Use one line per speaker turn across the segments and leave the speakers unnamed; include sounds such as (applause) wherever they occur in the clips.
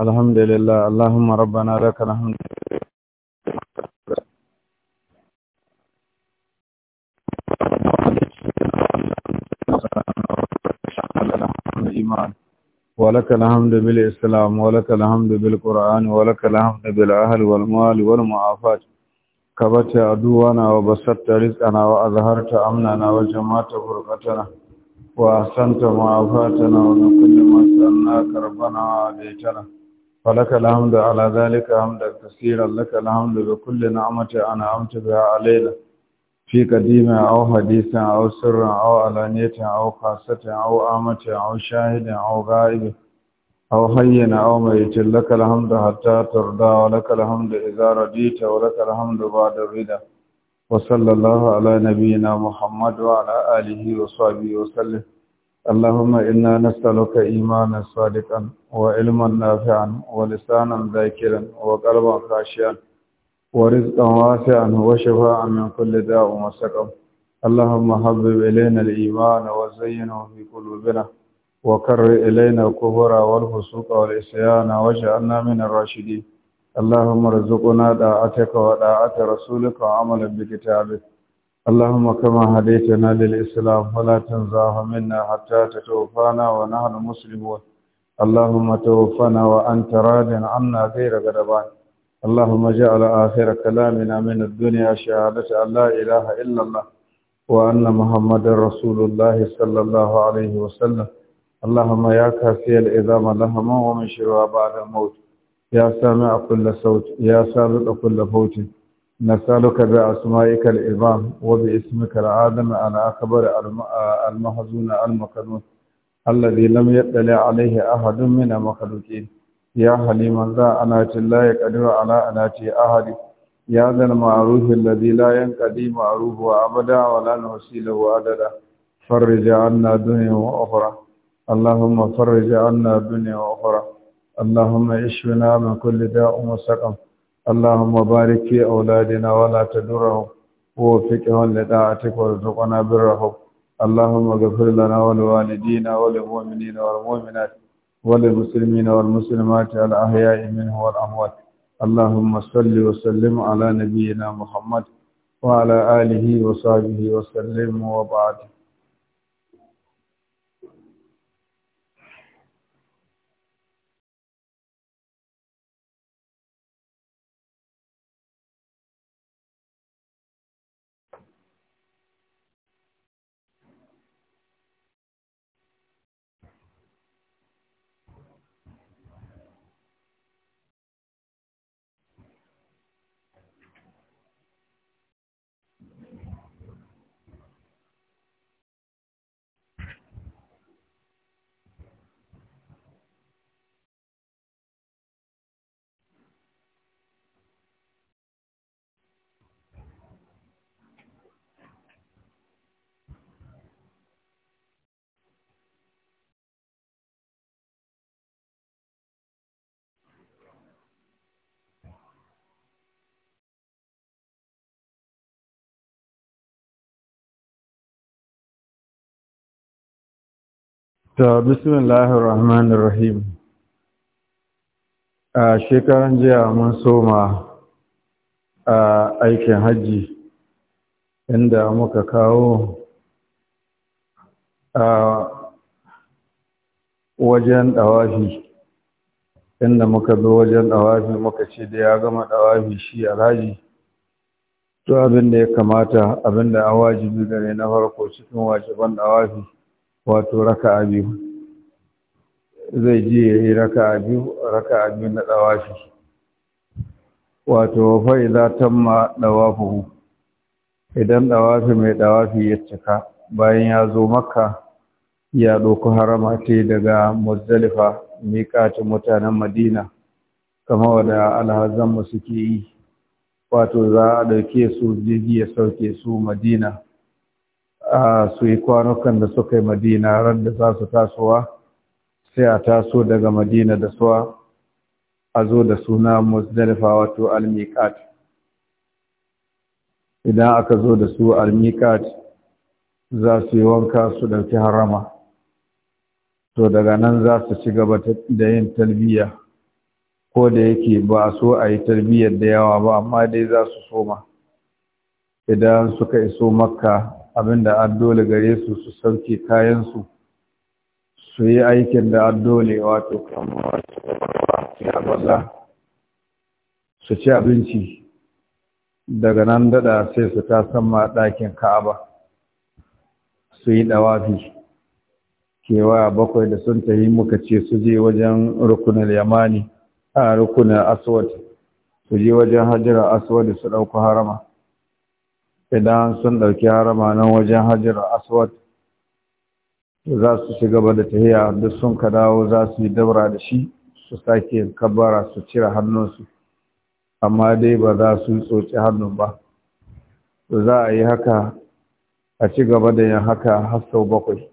الحمد لله اللهم ربنا لك الحمد الإيمان ولك الحمد بالإسلام ولك الحمد بالقرآن ولك الحمد بالأهل والمال والمعافات كبت عدونا وبسطت رزقنا وأظهرت أمننا وجمعت فرقتنا وأحسنت معافاتنا ومن كل ما سألناك ربنا عليتنا فلك الحمد على ذلك حمدا كثيرا لك الحمد بكل نعمة أنا أنعمت بها علينا في قديم أو حديث أو سر أو علانية أو خاصة أو آمة أو شاهد أو غائب أو حي أو ميت لك الحمد حتى ترضى ولك الحمد إذا رضيت ولك الحمد بعد الرضا وصلى الله على نبينا محمد وعلى آله وصحبه وسلم اللهم إنا نسألك إيمانا صادقا وعلما نافعا ولسانا ذاكرا وقلبا خاشعا ورزقا واسعا وشفاء من كل داء وسقم اللهم حبب إلينا الإيمان وزينه في قلوبنا وكر إلينا الكفر والفسوق والعصيان واجعلنا من الراشدين اللهم ارزقنا طاعتك وطاعة رسولك وعملا بكتابك اللهم كما هديتنا للإسلام ولا تنزاه منا حتى تتوفانا ونحن مسلمون اللهم توفنا وأنت راد عنا غير غضبان اللهم اجعل آخر كلامنا من الدنيا شهادة أن لا إله إلا الله وأن محمدا رسول الله صلى الله عليه وسلم اللهم يا كافي العظام لهما ومن شرها بعد الموت يا سامع كل صوت يا سابق كل فوت نسألك بأسمائك الإمام وباسمك العادم على أكبر المحزون المكنون الذي لم يطلع عليه أحد من المخلوقين يا حليم ذا أنات لا يقدر على أنات أحد يا ذا المعروف الذي لا ينقضي معروفه أبدا ولا نحصي له عددا فرج عنا دنيا وأخرى اللهم فرج عنا دنيا وأخرى اللهم اشفنا من كل داء وسقم اللهم بارك في أولادنا ولا تدرهم ووفقهم لطاعتك وارزقنا برهم اللهم اغفر لنا ولوالدينا وللمؤمنين والمؤمنات وللمسلمين والمسلمات الأحياء منه والأموات اللهم صل وسلم على نبينا محمد وعلى آله وصحبه وسلم وبعد ta bismillahir rahmanir rahim a shekaran jiya mun soma a aikin hajji inda muka kawo a wajen dawafi inda muka bi wajen dawafi muka ce da ya gama dawafi shi alhaji to abin da ya kamata abin da an wajibi gare na farko cikin wajiban dawafi wato raka'a biyu zai ji ya yi raka'a biyu raka'a biyu na ɗawafi wato za ma tamma ɗawafuhu idan ɗawafi mai ɗawafi ya cika bayan ya zo makka ya ɗauki harama ce daga muzdalifa miƙacin mutanen madina kama wadda alhazanmu suke yi wato za a ɗauke su jirgi ya sauke su madina su yi kwanukan da suka yi madina ran da za su tasowa sai a taso daga madina da suwa a zo da suna musdalifa wato almikat idan aka zo da su almikat za su yi wanka su ɗauki harama to daga nan za su ci gaba da yin talbiya ko da yake ba a so a yi talbiyar da yawa ba amma dai za su soma idan suka iso makka abinda addole gare su su sauke kayansu su yi aikin da addole wato su ci abinci daga nan dada sai su ta sama ɗakin ka'aba su yi ɗawafi kewa bakwai da sun tahi muka ce su je wajen rukunin yamani a rukunin aswad su je wajen hajjira aswad su ɗauko harama idan sun ɗauki harama nan wajen hajjar aswad za su ci gaba da tahiya duk sun ka dawo za su yi dabra da shi su sake kabara su cire hannunsu amma dai ba za su tsoci hannun ba za a yi haka a ci gaba da yin haka har sau bakwai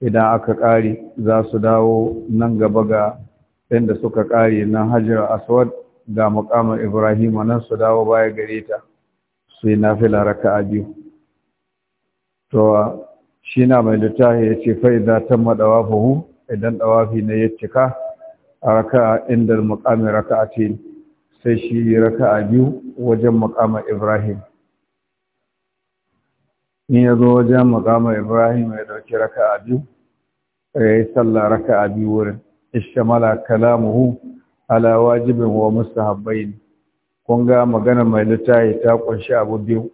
idan aka ƙare za su dawo nan gaba ga inda suka ƙare nan hajjar aswad ga muƙamin ibrahim nan su dawo baya gare ta sai yi nafila raka'a biyu to shi na mai littafi ya ce fa ta tamma dawafuhu idan ɗawafi na ya cika a raka'a inda a ce sai shi yi raka'a biyu wajen muqama Ibrahim in ya zo wajen muqama Ibrahim ya dauki raka'a biyu ya yi sallah raka'a biyu wurin ishamala kalamuhu ala wajibin wa mustahabbain kun ga magana mai littafi ta kunshi abu biyu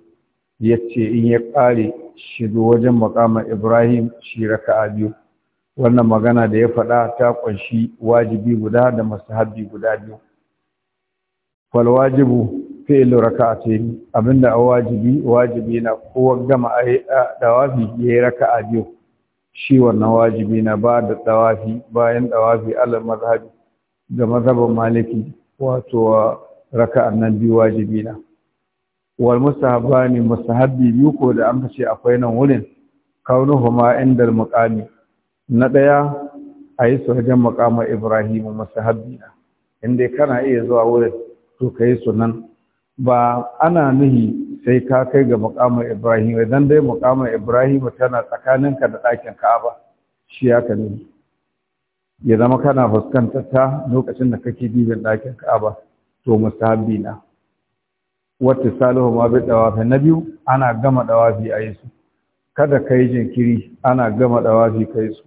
ya ce in ya kare shigo wajen makama Ibrahim shi raka'a biyu wannan magana da ya faɗa ta kunshi wajibi guda da mustahabi guda biyu wal wajibu fi'lu raka'atayn abinda a wajibi wajibi na kowa gama dawafi yayi raka'a biyu shi wannan wajibi na ba da dawafi bayan dawafi al mazhabi ga mazhabin maliki wato raka'an nan biyu wajibi na wal mustahabani mustahabbi biyu ko da an ce akwai nan wurin huma indal muqami na daya ayi sunan wajen maqama ibrahim mustahabbi na inda kana iya zuwa wurin to kai sunan ba ana nuhi sai ka kai ga maqama ibrahim idan dai maqama ibrahim tana tsakaninka da ɗakin ka'aba shi ya kana ya zama kana fuskantar ta lokacin da kake bibin ɗakin ka'aba to mustahabbi na wata salihu ma bi dawafi na biyu ana gama dawafi a yi kada ka yi jinkiri ana gama dawafi kai su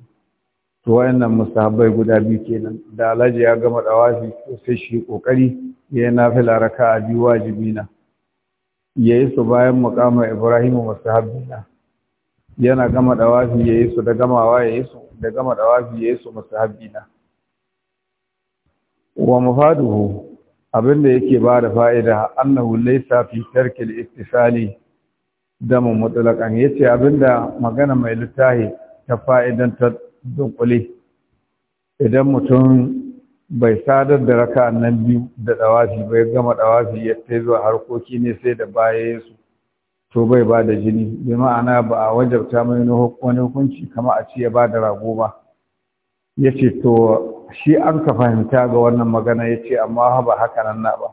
to wayannan mustahabbai guda biyu kenan da alhaji ya gama dawafi sai shi kokari ya yi nafila raka a biyu wajibi na ya yi su bayan muqama ibrahimu mustahabbi na yana gama dawafi ya yi su da gamawa ya yi su da gama dawafi ya yi su mustahabbi na wa mufaduhu abin da yake ba da fa'ida annahu laisa fi tarkil ittisali damun ce yace abinda magana mai littahi ta fa'idan ta dunkule idan mutum bai sadar da raka nan biyu da ɗawafi, bai gama ɗawafi ya tai zuwa harkoki ne sai da baya su to bai ba da jini bi ma'ana ba a wajabta mai wani hukunci kama a ce ya ba da rago ba ya ce to shi an ka fahimta ga wannan magana ya ce amma ba haka nan na ba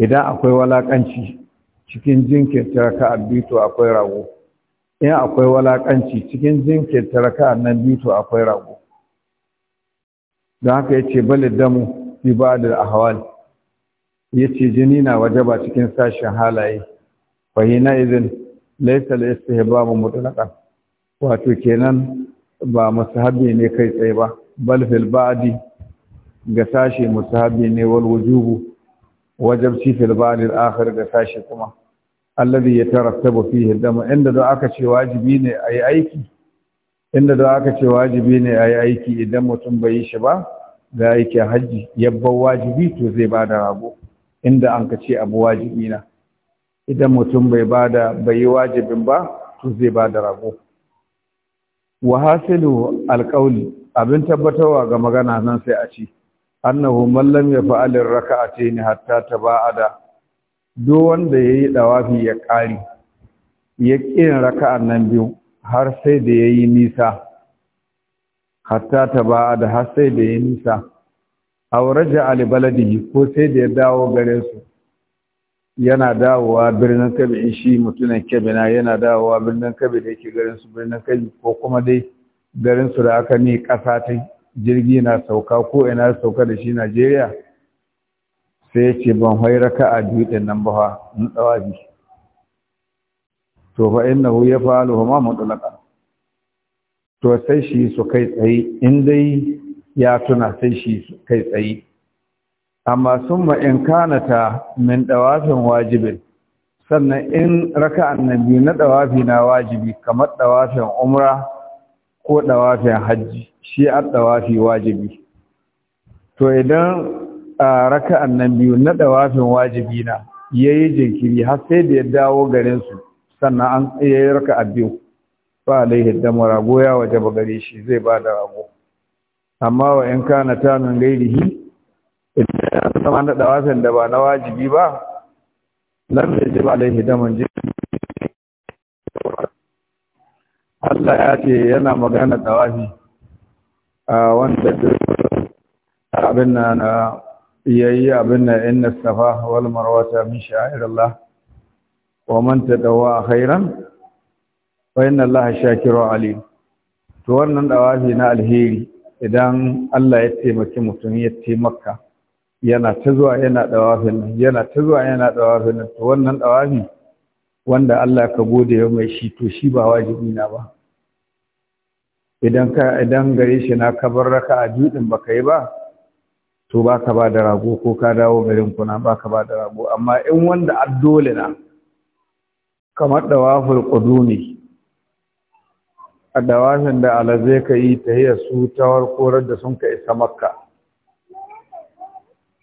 idan akwai walakanci cikin jinkirta raka bito akwai rago in akwai walakanci cikin jinkirta raka nan bito akwai rago don haka ya ce bali damu fi ba da ahawali ya ce jini na waje ba cikin sashen halaye fahina izin laisa mutu istihbabu mutlaqan wato kenan ba musahabi ne kai tsaye ba bal fil ba'di ga sashi musahabi ne wal wujubu shi fil ba'di al akhir ga sashi kuma alladhi yatarattabu fihi dam inda da aka ce wajibi ne ayi aiki inda da aka ce wajibi ne ayi aiki idan mutum bai yi shi ba ga aiki haji yabban wajibi to zai bada rabo inda an ka ce abu wajibi na idan mutum bai bada bai yi wajibin ba to zai bada rago. wa hasilu alqauli abin tabbatarwa ga magana nan sai a ci annahu man lam yaf'al rak'atayn hatta taba'ada duk wanda yayi dawafi ya kari ya kin raka'an nan biyu har sai da yayi nisa hatta taba'ada har sai da yayi nisa aw raja'a li baladihi ko sai da ya dawo garin su yana dawowa birnin kabi in shi mutunan kabi na yana dawowa birnin kabi da yake garin su birnin kabi ko kuma dai garin su da aka ne kasa ta jirgi na sauka ko ina sauka da shi Najeriya sai ya ce ban hoi raka a din nan ba in tsawabi to fa innahu yafalu huma mutlaqa to sai shi su kai tsaye in dai ya tuna sai shi su kai tsaye amma summa in kanata min ɗawafin wajibin sannan in raka annabi na ɗawafi na wajibi kamar ɗawafin umra ko ɗawafin hajji shi a ɗawafi wajibi to idan raka annabi na ɗawafin wajibi na ya yi jinkiri har sai da ya dawo garinsu sannan an yayi raka a fa alaihi damara goya waje gare shi zai bada rago amma wa in kana min gairihi ya zama na ɗawasan da ba na wajibi ba lam ya ji ba ji Allah ya ce yana magana a wanda abin na na yayi abin na safa wal marwata min wa man tadawa khairan inna alim to wannan dawafi na alheri idan Allah ya taimaki mutum ya taimaka yana ta zuwa yana dawafin nan yana ta zuwa yana dawafin nan to wannan dawafi wanda Allah ka gode ya mai shi to shi ba wajibi na ba idan ka idan gare shi na ka bar raka a judin baka yi ba to baka ba da rago ko ka dawo garin kuna baka ba da rago amma in wanda addole na kamar dawafin qudumi a dawafin da alazai ka yi tahiyar su ta korar da sun ka isa makka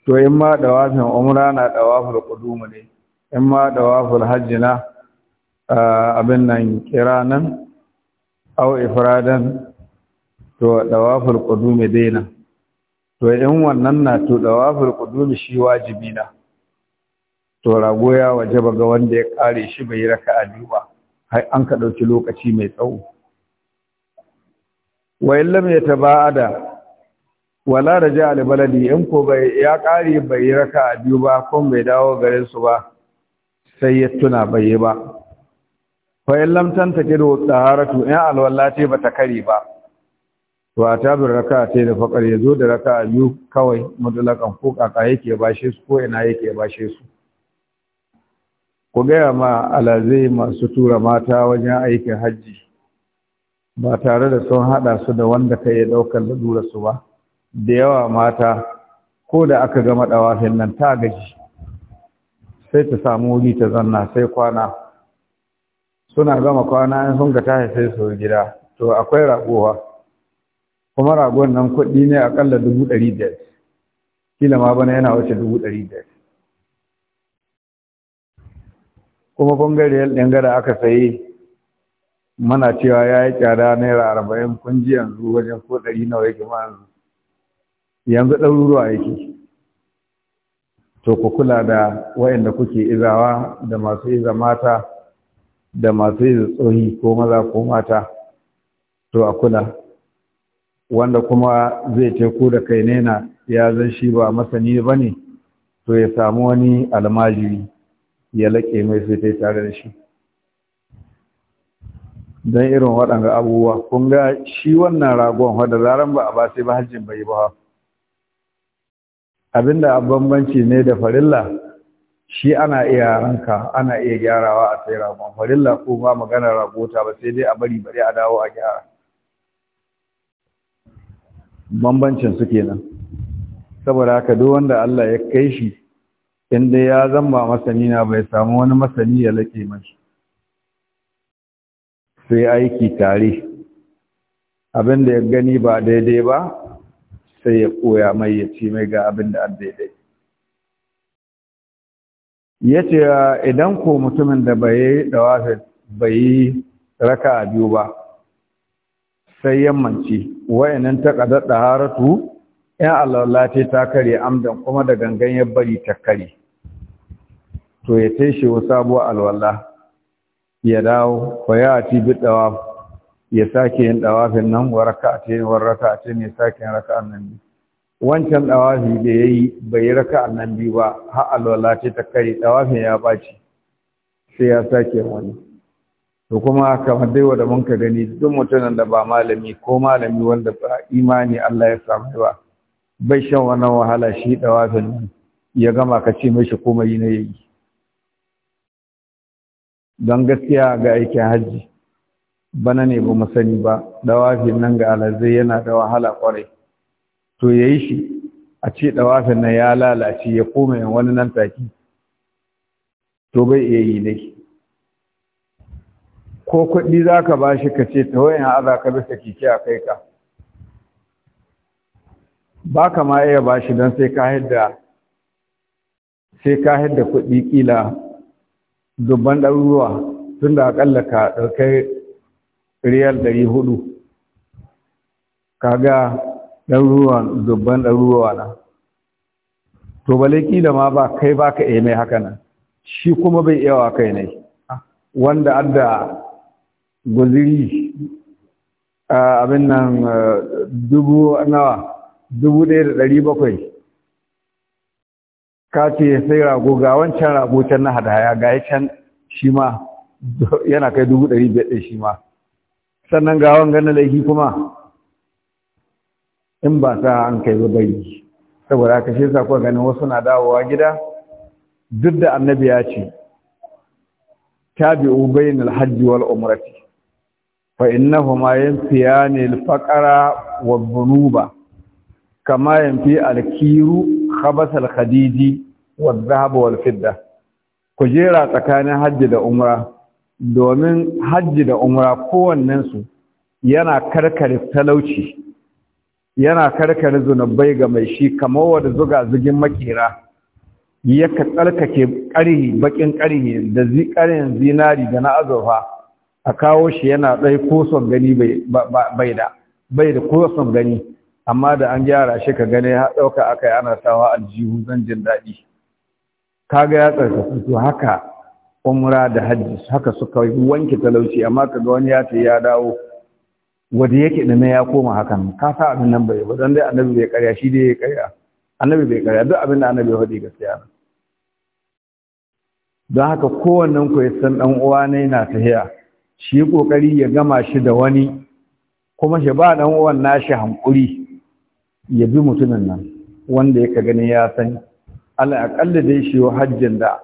to in ma dawafin umra na dawaful qudum ne in ma dawaful hajji na abin nan kiranan aw ifradan to dawaful qudum daina to in wannan na to dawaful qudum shi wajibi na to rago ya wajaba ga wanda ya kare shi bai raka biyu ba har an ka dauki lokaci mai tsawo wa illam yataba'ada wala da ja albaladi in ko bai ya kare bai yi raka a biyu ba ko bai dawo gare su ba sai ya tuna bai yi ba fa in lam tantake da taharatu in alwallati ba ta kare ba to a tabin raka ce da fakar ya zo da raka a biyu kawai mutulakan ko kaka yake bashe su ko ina yake bashe su ku gaya ma alazai masu tura mata wajen aikin hajji ba tare da sun hada su da wanda ka yi ɗaukar su ba da yawa mata ko da aka gama ɗawafin nan ta gaji sai ta samu wuri ta zanna sai kwana suna gama kwana in sun ga ta sai su gida to akwai ragowa kuma ragon nan kuɗi ne akalla dubu ɗari biyar kila ma bana yana wuce dubu ɗari biyar kuma ɓangariyar gada aka sayi mana cewa ya yi tsada naira arba'in kun ji yanzu wajen ko ɗari nawa yake ma yanzu yanzu ɗaruruwa yake to ku kula da wayanda kuke izawa da masu iza mata da masu iza tsohi ko maza ko mata to a kula wanda kuma zai teku da kai nena ya zan shi ba masani ba ne to ya samu wani almajiri ya laƙe mai sai ta tare da shi don irin waɗanga abubuwa kun ga shi wannan ragon wadda zaran ba a ba sai ba hajjin bai ba abinda bambanci ne da farilla shi ana iya ranka ana iya gyarawa a sai ramon farilla ko ba magana ragota ba sai dai a bari bari a dawo a gyara bambancin su kenan saboda haka duk wanda Allah ya kai shi inda ya zamba masani na bai samu wani masani ya lake mashi sai aiki tare Abin da ya gani ba daidai ba sai ya koya mai ya ci mai ga abin da an daidai ya ce ah, idan ko mutumin da bai yi raka bai yi raka biyu ba sai yammanci nan ta kada da haratu ya ce ta kare amdan kuma da gangan ya bari ta kare to ya tashi wa sabuwar alwala ya dawo fa ya ci bi ya sake yin ɗawafin nan wa raka'atayn wa raka'atayn ya sake yin raka'an nan bi wancan ɗawafi da yayi bai raka'an nan bi ba har alwala ta kai, ɗawafin ya baci sai ya sake wani to kuma kamar dai wanda mun ka gani duk mutumin da ba malami ko malami wanda ba imani Allah ya samu ba bai shan wannan wahala shi ɗawafin nan ya gama ka ce mishi komai na yayi don gaskiya ga aikin hajji bana ne ba mu sani ba dawafin nan ga alazai yana da wahala kwarai to ya yi shi a ce dawafin nan ya lalace ya koma yin wani nan taki to bai iya yi dai ko kuɗi za ka ba shi ka ce ta wayan aza ka bisa keke a kai ka ba ka ma iya ba shi don sai ka hidda sai ka hidda kuɗi kila dubban ɗaruruwa tun da aƙalla ka ɗaukai riyal ɗari hudu kaga ɗaruruwan dubban ɗaruruwa na to bale da ma ba kai ba ka mai haka nan shi kuma bai yawa kai ne wanda adda guziri abin nan dubu nawa dubu ɗaya da ɗari bakwai ka ce sai rago ga wancan rago can na hadaya ga ya can shi ma yana kai dubu ɗari biyar ɗin shi ma sannan ga wanga na laifi kuma in ba sa an kai ba bai saboda aka shi sa kuwa ganin wasu na dawowa gida duk da annabi ya ce tabi'u bainal hajji wal umrati fa huma yanfiyani al wa dhunuba kama yanfi alkiru khabas al wa dhahab wal fidda kujera tsakanin hajji da umra domin hajji da umra kowannensu yana karkare talauci yana karkare zunubai ga mai shi kamar wadda zuga zugin makera ka tsarkake ƙarhi bakin ƙarihi da ƙarin zinari da na azurfa a kawo shi yana ɗai ko son gani bai da bai da ko son gani amma da an gyara shi ka gani ya ɗauka aka yi ana sawa aljihu zan jin daɗi kaga ya tsarkake to haka umra da hajji haka suka wanke talauci amma kaga wani ya ce ya dawo wanda yake da na ya koma hakan ka sa abin nan bai ba dai annabi bai karya shi dai ya karya annabi bai karya duk abin da annabi ya faɗi gaskiya don haka kowannen ku ya san dan uwa ne na tahiya shi kokari ya gama shi da wani kuma shi ba dan uwan nashi hankuri ya bi mutumin nan wanda yake gani ya san Allah akalla dai shi hajjin da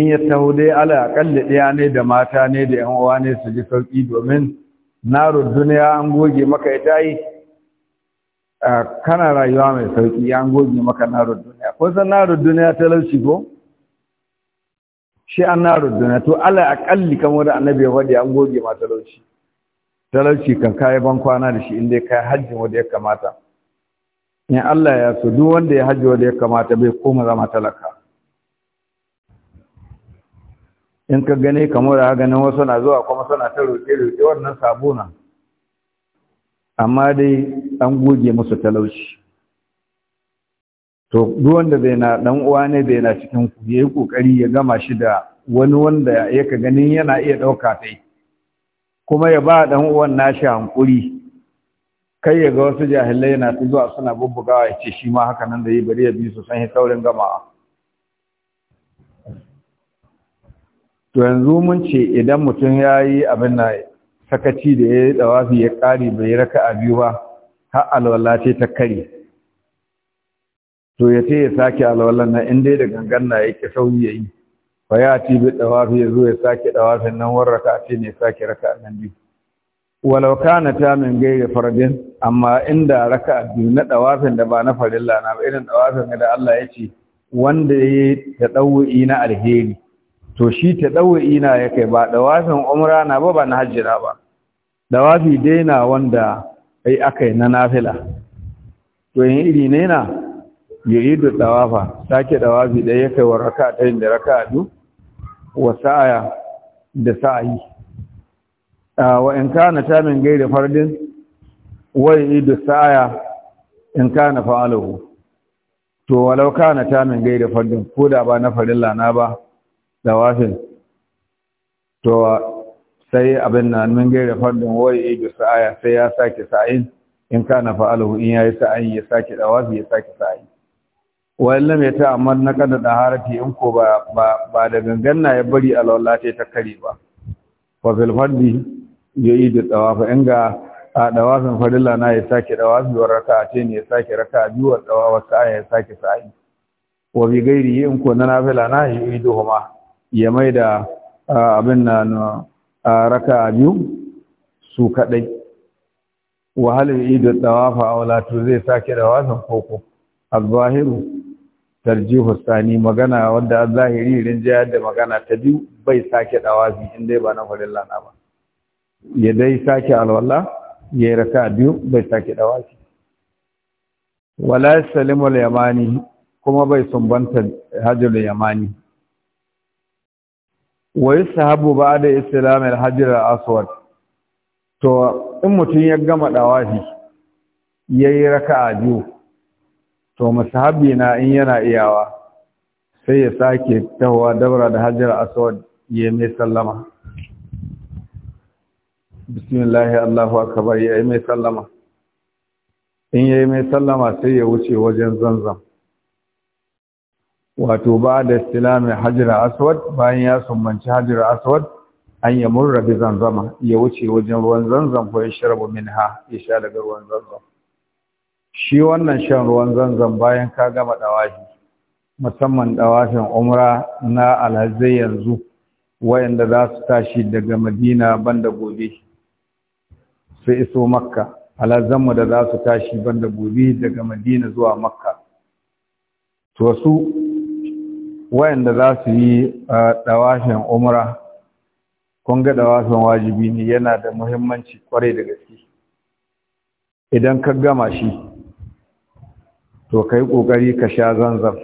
in ya taho dai ala akalli ɗaya ne da mata ne da yan uwa ne su ji sauƙi domin naro duniya an goge maka tayi yi kana rayuwa mai sauƙi an goge maka naro duniya ko san naro duniya talauci ko shi an naro duniya to ala akalli kamar da annabi ya faɗi an goge ma talauci talauci kan kayi ban kwana da shi in dai kayi hajji wanda ya kamata in Allah ya so duk wanda ya hajji wanda ya kamata bai koma zama talaka in ka gani kamar a ganin wasu na zuwa kuma suna ta roƙe-roƙe wannan sabuna amma dai an goge musu talauci to duwanda zai na ɗan uwa ne zai na cikin ku ya yi ƙoƙari ya gama shi da wani wanda ya ka ganin yana iya ɗauka ta kuma ya ba ɗan uwan nashi hankuri kai ya ga wasu jahilai na ta zuwa suna bubbugawa ya ce shi ma haka nan da yi bari ya bi su san saurin gamawa to yanzu mun ce idan mutum ya yi abin na sakaci da ya yi tsawafi ya ƙari bai raka a biyu ba har alwala ce ta kare to ya ce ya sake alwalan nan inda dai da gangan na ya ke sauyi ya yi ba ya ci bi tsawafi ya zo ya sake tsawafin nan war raka ce ne sake raka a biyu walau kana ta min gaira farajin amma inda raka a biyu na tsawafin da ba na farilla na ba irin tsawafin da Allah ya ce wanda ya yi da ɗau'i na alheri to shi ta ɗau'i ina ya kai ba ɗawafin umra na ba ba na hajjira ba ɗawafi dai na wanda ai aka yi na nafila to yin iri ne na ya yi da ɗawafa sake ɗawafi ɗaya ya kai wa raka ɗayin da raka biyu wa sa'aya da sa'ayi wa in kana ta min gairi fardin wa yi da sa'aya in na fa'alahu to walau kana ta min gairi fardin ko da ba na farilla na ba dawafin to sai abin nan mun gaira fardin wai ibi sa'aya sai ya sake sa'in in kana fa'alu in yayi sa'in ya sake dawafi ya sake sa'in wayan lam ya amma na kada da harafi in ko ba ba da ganganna ya bari alwala ta kare ba fa fil fardi yi da in ga a dawafin farilla na ya sake dawafi wa rak'ati ne ya sake raka'a biyu wa dawafa sa'aya ya sake sa'i wa bi gairi in ko na nafila na yayi duhuma ya mai da abin na raka biyu su kaɗai wahalar ido tsawafa a walato zai sake da wasan koko a zahiru tarjihu sani magana wadda a zahiri rinjayar da magana ta biyu bai sake ɗawafi in dai ba na farin lana ba ya dai sake alwala ya yi raka biyu bai sake ɗawafi wala salimul yamani kuma bai sumbanta hajjul yamani wai yusahabu ba da al-hajar aswad to in mutum ya gama dawafi yayi raka'a biyu to musahabi na in yana iyawa sai ya sake tawa dabra da hajar aswad ya mai sallama bismillahi allahu akbar yayi mai sallama in ya mai sallama sai ya wuce wajen zanzam wato ba da istilamin hajar aswad bayan ya sumbanci hajar aswad an ya murra bi zanzama ya wuce wajen ruwan zanzam ko ya min ha ya sha daga ruwan zanzam shi wannan shan ruwan zanzan bayan ka gama dawashi musamman dawashin umra na alhazai yanzu wayanda za su tashi daga madina banda gobe su iso makka alhazanmu da za su tashi banda gobe daga madina zuwa makka to su wayanda za su yi ɗawashin umra kun ga wajibi ne yana da muhimmanci kwarai da gaske idan ka gama shi to kai ƙoƙari ka sha zanzab.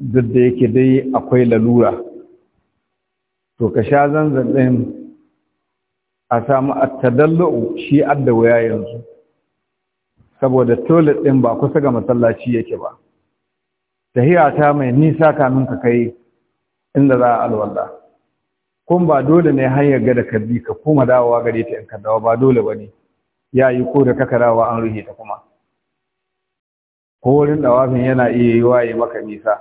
duk da yake dai akwai lalura to ka sha zanzam ɗin, a samu tadallu shi adda waya yanzu saboda toilet ɗin ba kusa ga masallaci yake ba tahiya ta mai nisa kamin ka kai inda za a alwala kun ba dole ne hanyar ga da ka bi ka kuma dawowa gare ta in ka dawo ba dole ba ne ya yi ko da kaka dawowa an rufe ta kuma ko wurin dawafin yana iya yi waye maka nisa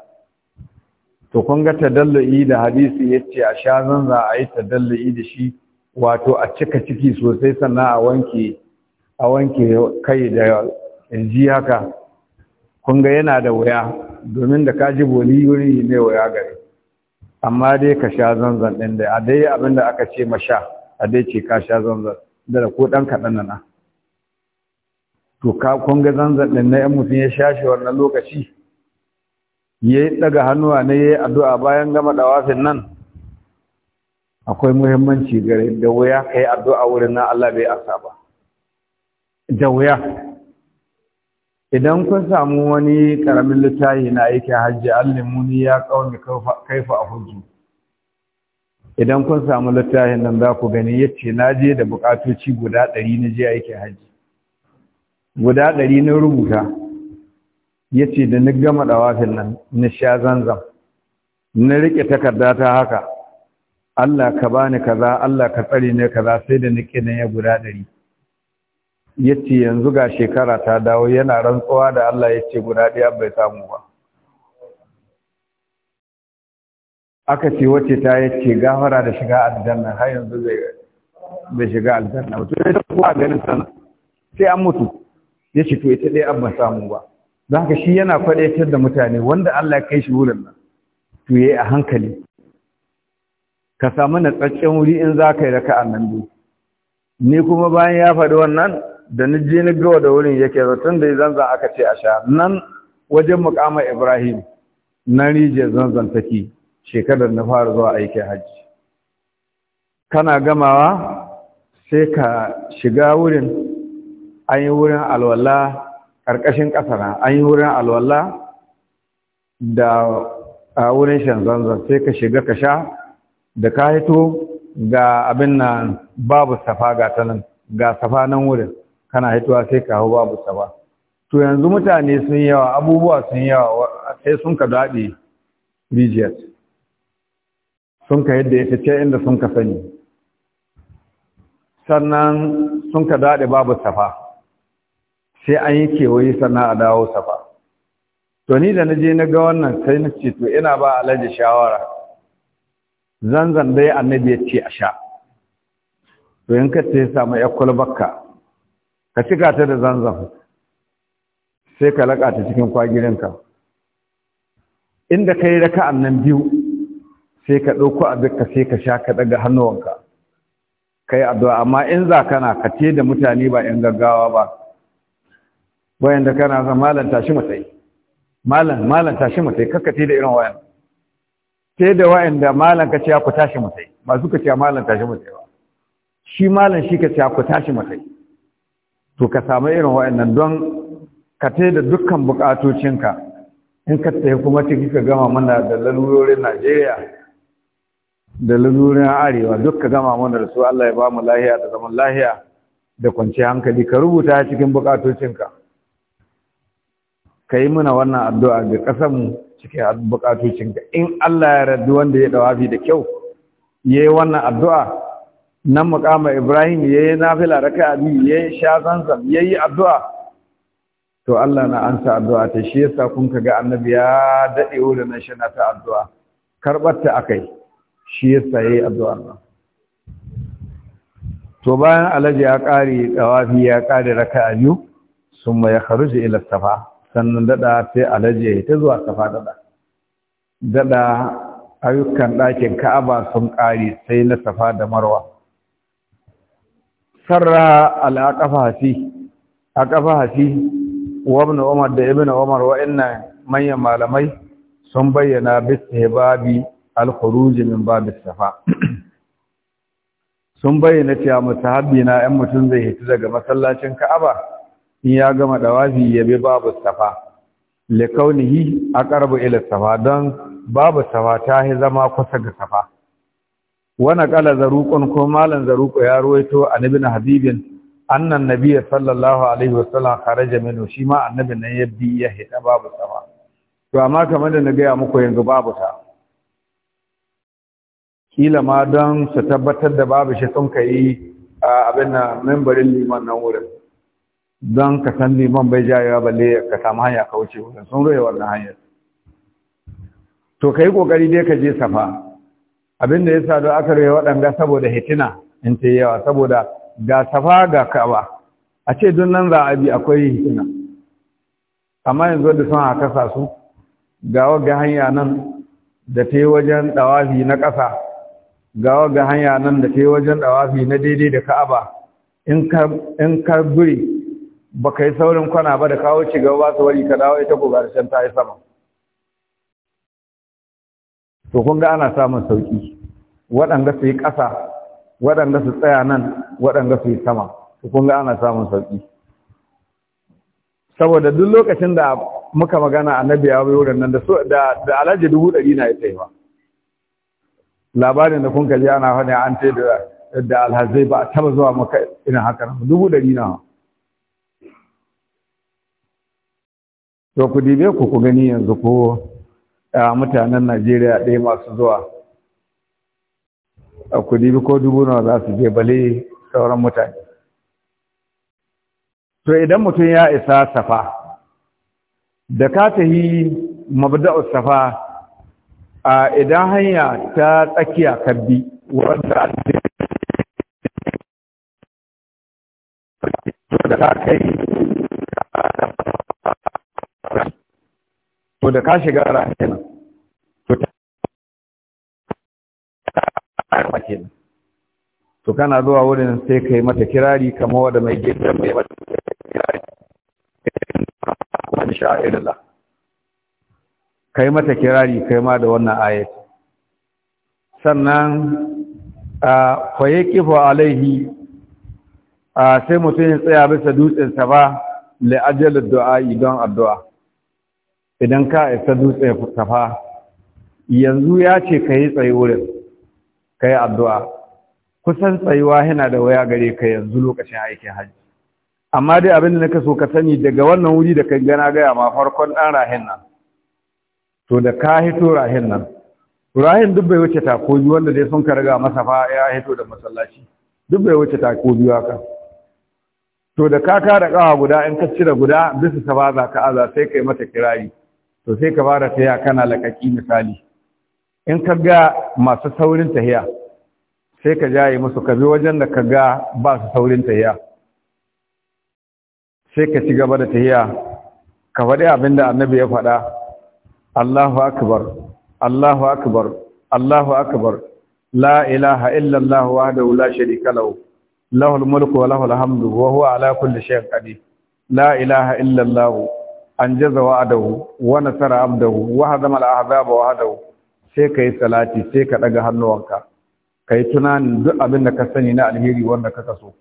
to kun ga tadallu'i da hadisi ce a sha zanza a yi tadallu'i da shi wato a cika ciki sosai sannan a wanke a wanke kai da inji haka kun ga yana da wuya domin da ka ji boli wuri ne wa ya gari. amma dai ka sha zanzan ɗin da a dai abin da aka ce ma sha a dai ce ka sha zanzan da ko ɗan kaɗan nana to ka kun zanzan ɗin na ‘yan mutum ya sha shi wannan lokaci ya yi ɗaga hannuwa ne ya yi addu'a bayan gama wafin nan akwai muhimmanci gare da wuya ka yi addu'a wurin na Allah bai asa da wuya idan kun samu wani karamin littafi na aikin hajji allimuni ya kaumi kaifa a hujju idan kun samu littafin nan za ku gani ya ce na je da bukatoci guda ɗari na je aikin hajji guda ɗari na rubuta ya da na gama ɗawafin nan na sha zanzam na riƙe takarda ta haka Allah ka bani kaza Allah ka tsare ne kaza sai da nake na ya guda ɗari yace yanzu ga shekara ta dawo yana rantsuwa da Allah yace guda ɗaya bai samu ba aka ce wace ta yace gafara da shiga aljanna har yanzu zai bai shiga aljanna ba to sai kuwa ganin sana sai an mutu yace to ita ɗaya ban samu ba don haka shi yana faɗaitar da mutane wanda Allah ya kai shi wurin nan to yayi a hankali ka samu natsaccen wuri in za ka yi raka'an nan biyu ni kuma bayan ya faɗi wannan da ni je ni gawa da wurin yake tun da zanzan aka ce a sha nan wajen mukamar ibrahim na rije zanzan take shekarar na fara zuwa aikin haji kana gamawa sai ka shiga wurin an yi wurin alwala ƙarƙashin ƙasara. an yi wurin alwala da a wurin shan zanzan sai ka shiga ka sha da ka hito ga abin nan babu safa ga ta nan ga safa nan wurin kana haituwa sai ka hau babu ta ba to yanzu mutane sun yawa abubuwa sun yawa sai sun ka daɗe rijiyar sun ka yadda ya fice inda sun ka sani sannan sun ka daɗe babu safa sai an yi kewaye sannan a dawo safa to ni da na je na ga wannan sai na ce to ina ba alhaji shawara zanzan dai annabi ya ce a sha to in ka ce samu ya kwalbaka. ka cika ta da zanzan sai ka laƙa ta cikin kwagirinka inda ka yi raka'an nan biyu sai ka ɗauko abinka sai ka sha ka ɗaga hannuwanka ka yi addu'a amma in za kana ka ce da mutane ba ‘yan gaggawa ba bayan da kana zan malam tashi mutai malam malam tashi mutai kakka ce da irin wayan ce da wayan da malam ka ce ya ku tashi mutai ba su ka ce malam tashi mutai ba shi malam shi ka ce ya ku tashi mutai to ka samu irin wa'annan don ka da dukkan bukatocinka in ka tafi kuma ciki ka gama mana da lalurorin najeriya da lalurorin arewa duk ka gama mana da su allah ya ba mu lahiya da zaman lahiya da kwanciyar hankali ka rubuta cikin bukatocinka ka yi mana wannan addu'a ga ƙasanmu cikin bukatocinka in allah ya raddu wanda ya dawafi da kyau ya yi wannan addu'a nan mukama ibrahim ya yayi nafila raka'a biyu yi sha zanzam yi addu'a to Allah na ansa addu'a ta shi yasa kun ga annabi ya daɗe wurin na shi na ta addu'a karɓar ta akai shi yasa yi addu'a nan to bayan alaji ya kare dawafi ya kare raka'a biyu ma ya kharuju ila safa sannan daɗa sai alaji ya ta zuwa safa dada dada ayyukan ɗakin ka'aba sun ƙare sai na safa da marwa sarra al'aqafa Hasi, a Hasi, wa ibn umar da ibn umar wa'annan manyan malamai sun bayyana bi al-khuruj min bab safa sun bayyana cewa musahabi na 'yan mutum zai hita daga masallacin Ka'aba in ya gama ɗawafi, ya bi babu safa li kaunihi aqrabu ila safa don babu safa ta hi zama kusa ga safa wana kala zaruqun ko malan zaruqo ya ruwaito an ibn habibin annan nabiyyi sallallahu alaihi wasallam kharaja min shi ma annabin nan ya bi ya hita babu sama to amma kamar da na gaya muku yanzu babu ta kila ma don su tabbatar da babu shi sun kai abin nan membarin liman nan wurin don ka san liman bai ja ya balle ka samu hanya ka wuce wurin sun roye wannan hanyar to ka yi ƙoƙari dai ka je safa Abin da ya sa da aka rai waɗanda saboda hitina in ta yawa saboda ga safa ga ka'aba a ce don nan za a bi akwai hitina amma yanzu da sun haka sa su ga waga hanya nan da ta yi wajen ɗawafi na ƙasa ga waga hanya nan da ta yi wajen ɗawafi na daidai da ka'aba in ka guri ba ka yi saurin kwana ba da kawo ci gaba su wari ka dawo ita ko ga ta yi sama to kun ga ana samun sauki waɗanda su yi ƙasa waɗanda su tsaya nan waɗanda su yi sama to kun ga ana samun sauki saboda duk lokacin da muka magana annabi ya bai wurin nan da da alhaji dubu ɗari na ya tsayewa labarin da kun kaji ana hana an ce da da alhazai ba a taba zuwa maka ina haka nan dubu ɗari na to ku dibe ku ku gani yanzu ko A mutanen najeriya ɗaya masu zuwa a bi ko dubu nawa za su je bale sauran mutane to idan mutum ya isa safa da ka tahi Mabda safa a idan hanya ta tsakiya kabbi wanda da ka kai to da ka shiga rahin to ta kenan to kana zuwa wurin sai kai mata kirari kama wada mai gidan mai mata kirari wani sha'irila kai mata kirari kai ma da wannan ayat sannan kwaye kifo alaihi sai mutum ya tsaya bisa dutsen sa ba la'ajalar ajal du'a don addu'a idan ka isa dutse kafa yanzu ya ce ka yi tsaye wurin ka yi addu'a kusan tsayuwa yana da waya gare ka yanzu lokacin aikin hajji amma dai abin da na so ka sani daga wannan wuri da ka gana gaya ma farkon ɗan rahin nan to da ka hito rahin nan rahin duk bai wuce takobi wanda dai sun ka riga masa fa ya hito da masallaci duk bai wuce takobi haka to da ka kada kawa guda in ka cire guda bisa sabaza za ka aza sai kai mata kirari to sai ka fara tsaya kana lakaki misali in ka ga masu saurin tahiya sai ka jaye musu ka bi wajen da ka ga ba su saurin tahiya sai ka ci gaba da tahiya ka faɗi abin da annabi ya faɗa Allahu akbar Allahu akbar Allahu akbar la ilaha illa Allah wahdahu la sharika lahu lahul mulku wa lahul hamdu wa huwa ala kulli shay'in qadir la ilaha illa Allah an wa adahu wa nasara abdahu wa hazama al wa wahdahu sai kai salati sai ka daga hannuwanka kai tunanin duk abin da ka sani na alheri wanda ka kaso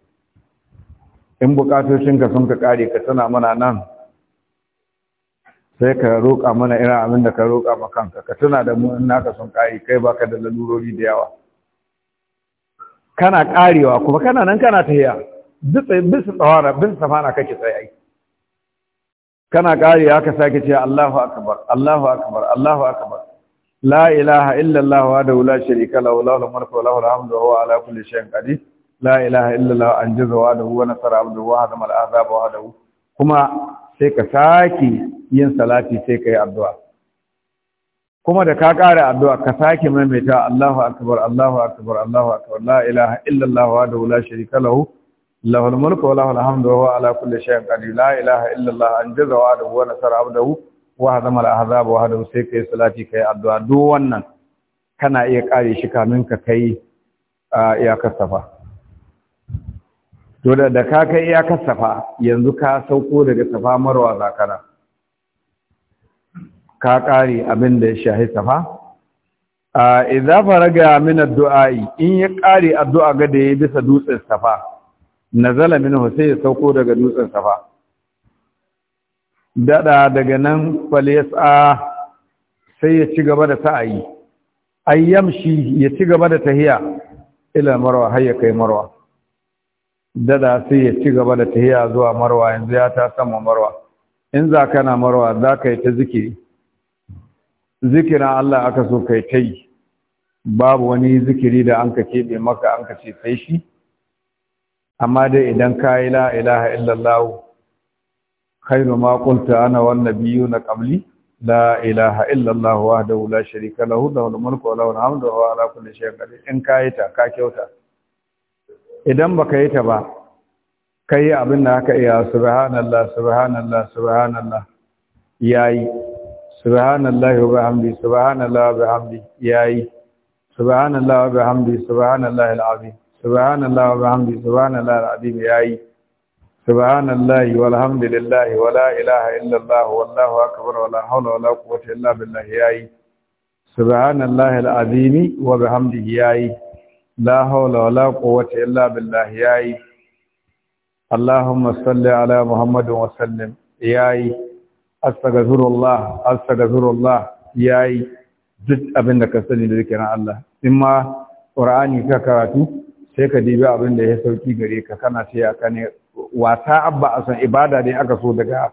in ka sun ka kare ka tana mana nan sai ka roƙa mana irin abin da ka roƙa ma kanka ka tuna da mu in naka sun kare kai baka da lalurori da yawa kana karewa kuma kana nan kana tahiya duk bisa tsawara bin safana kake tsaye kana kare haka sake ce Allahu akbar Allahu akbar Allahu akbar la ilaha illa Allah wahdahu la sharika lahu lahul mulku wa lahul hamdu wa huwa ala kulli shay'in qadir la ilaha illa Allah anjaza wahdahu wa nasara abduhu wa hadama al'azab wahdahu kuma sai ka saki yin salati sai kai addu'a kuma da ka kare addu'a ka saki maimaita Allahu akbar Allahu akbar Allahu akbar la ilaha illa Allah wahdahu la sharika lahu lahul mulku وله الحمد وهو wa كل ala kulli shay'in اله la ilaha انجز وعده ونصر عبده وهزم wa nasara سيك wa كاي al دو kai kai addu'a wannan kana iya kare shi kamin ka kai iyakar safa to da ka kai iyakar safa yanzu ka sauko daga safa marwa zakara ka kare abin da ya shahi safa idza faraga min addu'a in ya kare addu'a ga da yayi bisa dutsen safa nazala minhu sai ya sauko daga dutsen safa dada daga nan falyasa sai ya ci gaba da sa'ayi ayyamshi ya ci gaba da tahiya ila marwa har ya kai marwa dada sai ya ci gaba da tahiya zuwa marwa yanzu ya ta sama marwa in za kana marwa za ka yi ta zikiri zikirin Allah aka so kai ta babu wani zikiri da an ka keɓe maka an ka ce sai shi amma dai idan ka yi la ilaha illallah khairu ma qulta ana biyu na qabli la ilaha illallah wahdahu la sharika lahu lahul mulku wa lahul hamdu wa ala kulli shay'in qadir in ka yi ta ka kyauta idan baka yi ta ba kai abin da haka iya subhanallah subhanallah subhanallah yayi subhanallah wa bihamdi subhanallah wa bihamdi yayi subhanallah wa bihamdi subhanallah alazim subhanallah wa bihamdi subhanallah yayi subhanallah walhamdulillah ilaha wallahu akbar hawla quwwata illa billah yayi subhanallah wa bihamdihi yayi la hawla wala quwwata illa billah yayi اللهم صل على yayi astaghfirullah astaghfirullah yayi duk abinda da ka sani da zikirin Allah in ma qur'ani ka karatu sai ka dibi abin da ya sauki gare ka kana sai a ne wasa abba a san ibada ne aka so daga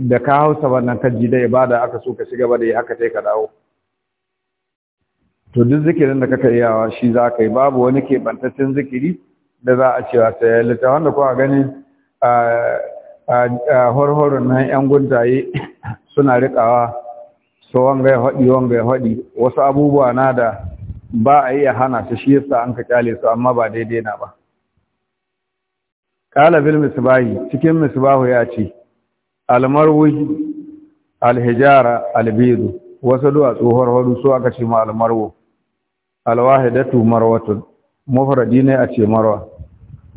da ka hausa wannan kaji da ibada aka so ka shiga gaba da haka sai ka dawo to duk zikirin da kaka iyawa shi za ka yi babu wani keɓantaccen zikiri da za a cewa sai ya lita wanda kuma ganin a horhoron nan yan guntaye suna riƙawa so wanga ya haɗi wanga ya haɗi wasu abubuwa na da ba a iya hana ta shi yasa an ka kyale su amma ba daidai na ba qala bil misbahi cikin misbahu ya ce almarwi alhijara albidu wasu duwatsu harharu su aka ce ma al wahidatu marwatun mufradi ne a ce marwa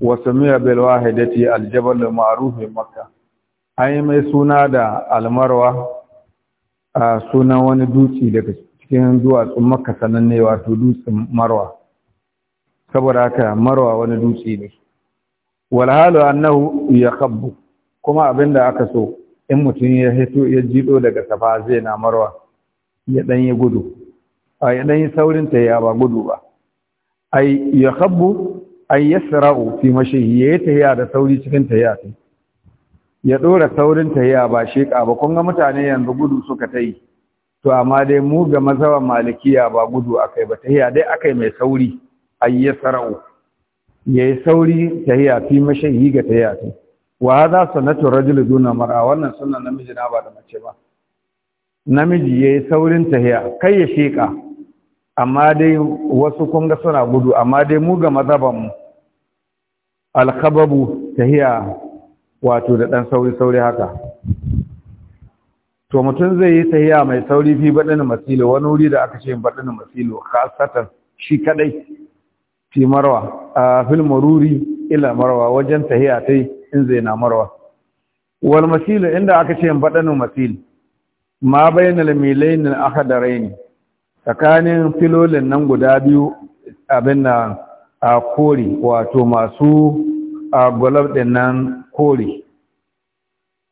wasu miya bil wahidati aljabal ma'ruf makka ai mai suna da almarwa a sunan wani da daga cikin duwatsun maka sananne wato dutsen marwa saboda haka marwa wani dutse ne walhalu annahu ya kuma abinda aka so in mutum ya hito ya jido daga safa zai na marwa ya dan yi gudu a ya dan yi saurin ta ya ba gudu ba ai ya kabbu ai yasra'u fi mashihi ya tahiya da sauri cikin tahiya ya dora saurin tahiya ba sheka ba kun ga mutane yanzu gudu suka tayi. to amma dai mu ga mazhaban malikiya ba gudu akai ba tahiya dai akai mai sauri ayya sarau yayi sauri tahiya fi mashayyi ga tahiya ta wa hadha sunnatu rajul duna mar'a wannan sunnan namiji na ba da mace ba namiji yayi saurin tahiya kai ya sheka amma dai wasu kun ga suna gudu amma dai mu ga mazhaban mu khababu tahiya wato da dan sauri sauri haka to mutum zai yi tahiya mai sauri fi baɗin masilu wani wuri da aka ce baɗin masilu khasatan shi kadai fi marwa a fil maruri ila marwa wajen tahiya tai in zai na marwa wal masilo inda aka ce baɗin masilo ma bainal milain al raini tsakanin filolin nan guda biyu abin na a kore wato masu a gwalab din nan kore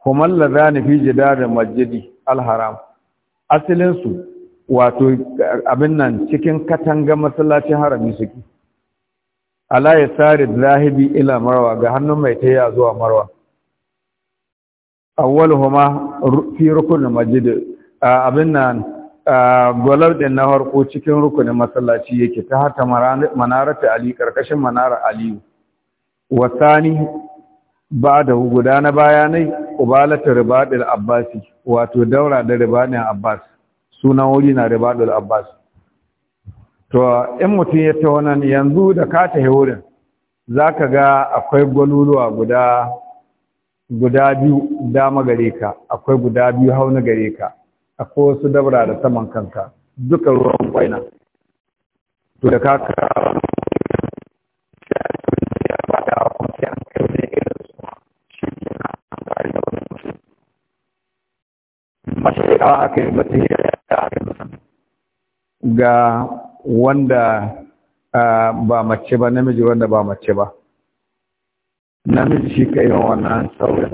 kuma lazani fi jidarin majidi alharam asalinsu wato abin nan cikin katanga masallacin harami suke ala ya tsari zahibi ila marwa ga hannun mai taya zuwa marwa huma fi rukunin masjidi abin nan gwalar din na harko cikin rukunin masallaci yake ta hata manarata ali karkashin manara aliyu wasani ba da guda na bayanai ƙubalata ribadul abbasi wato daura da ribaɗin abbas sunan wuri na ribadul abbas to in mutum ya ta wannan yanzu da ka yi wurin za ka ga akwai gwaluluwa guda guda biyu dama gare ka akwai guda biyu hauna gare ka akwai wasu dabra da saman kanka duka ruwan kwaina to da ka aka yi ga wanda ba mace ba namiji wanda ba mace ba namiji shi ka yi wannan saurin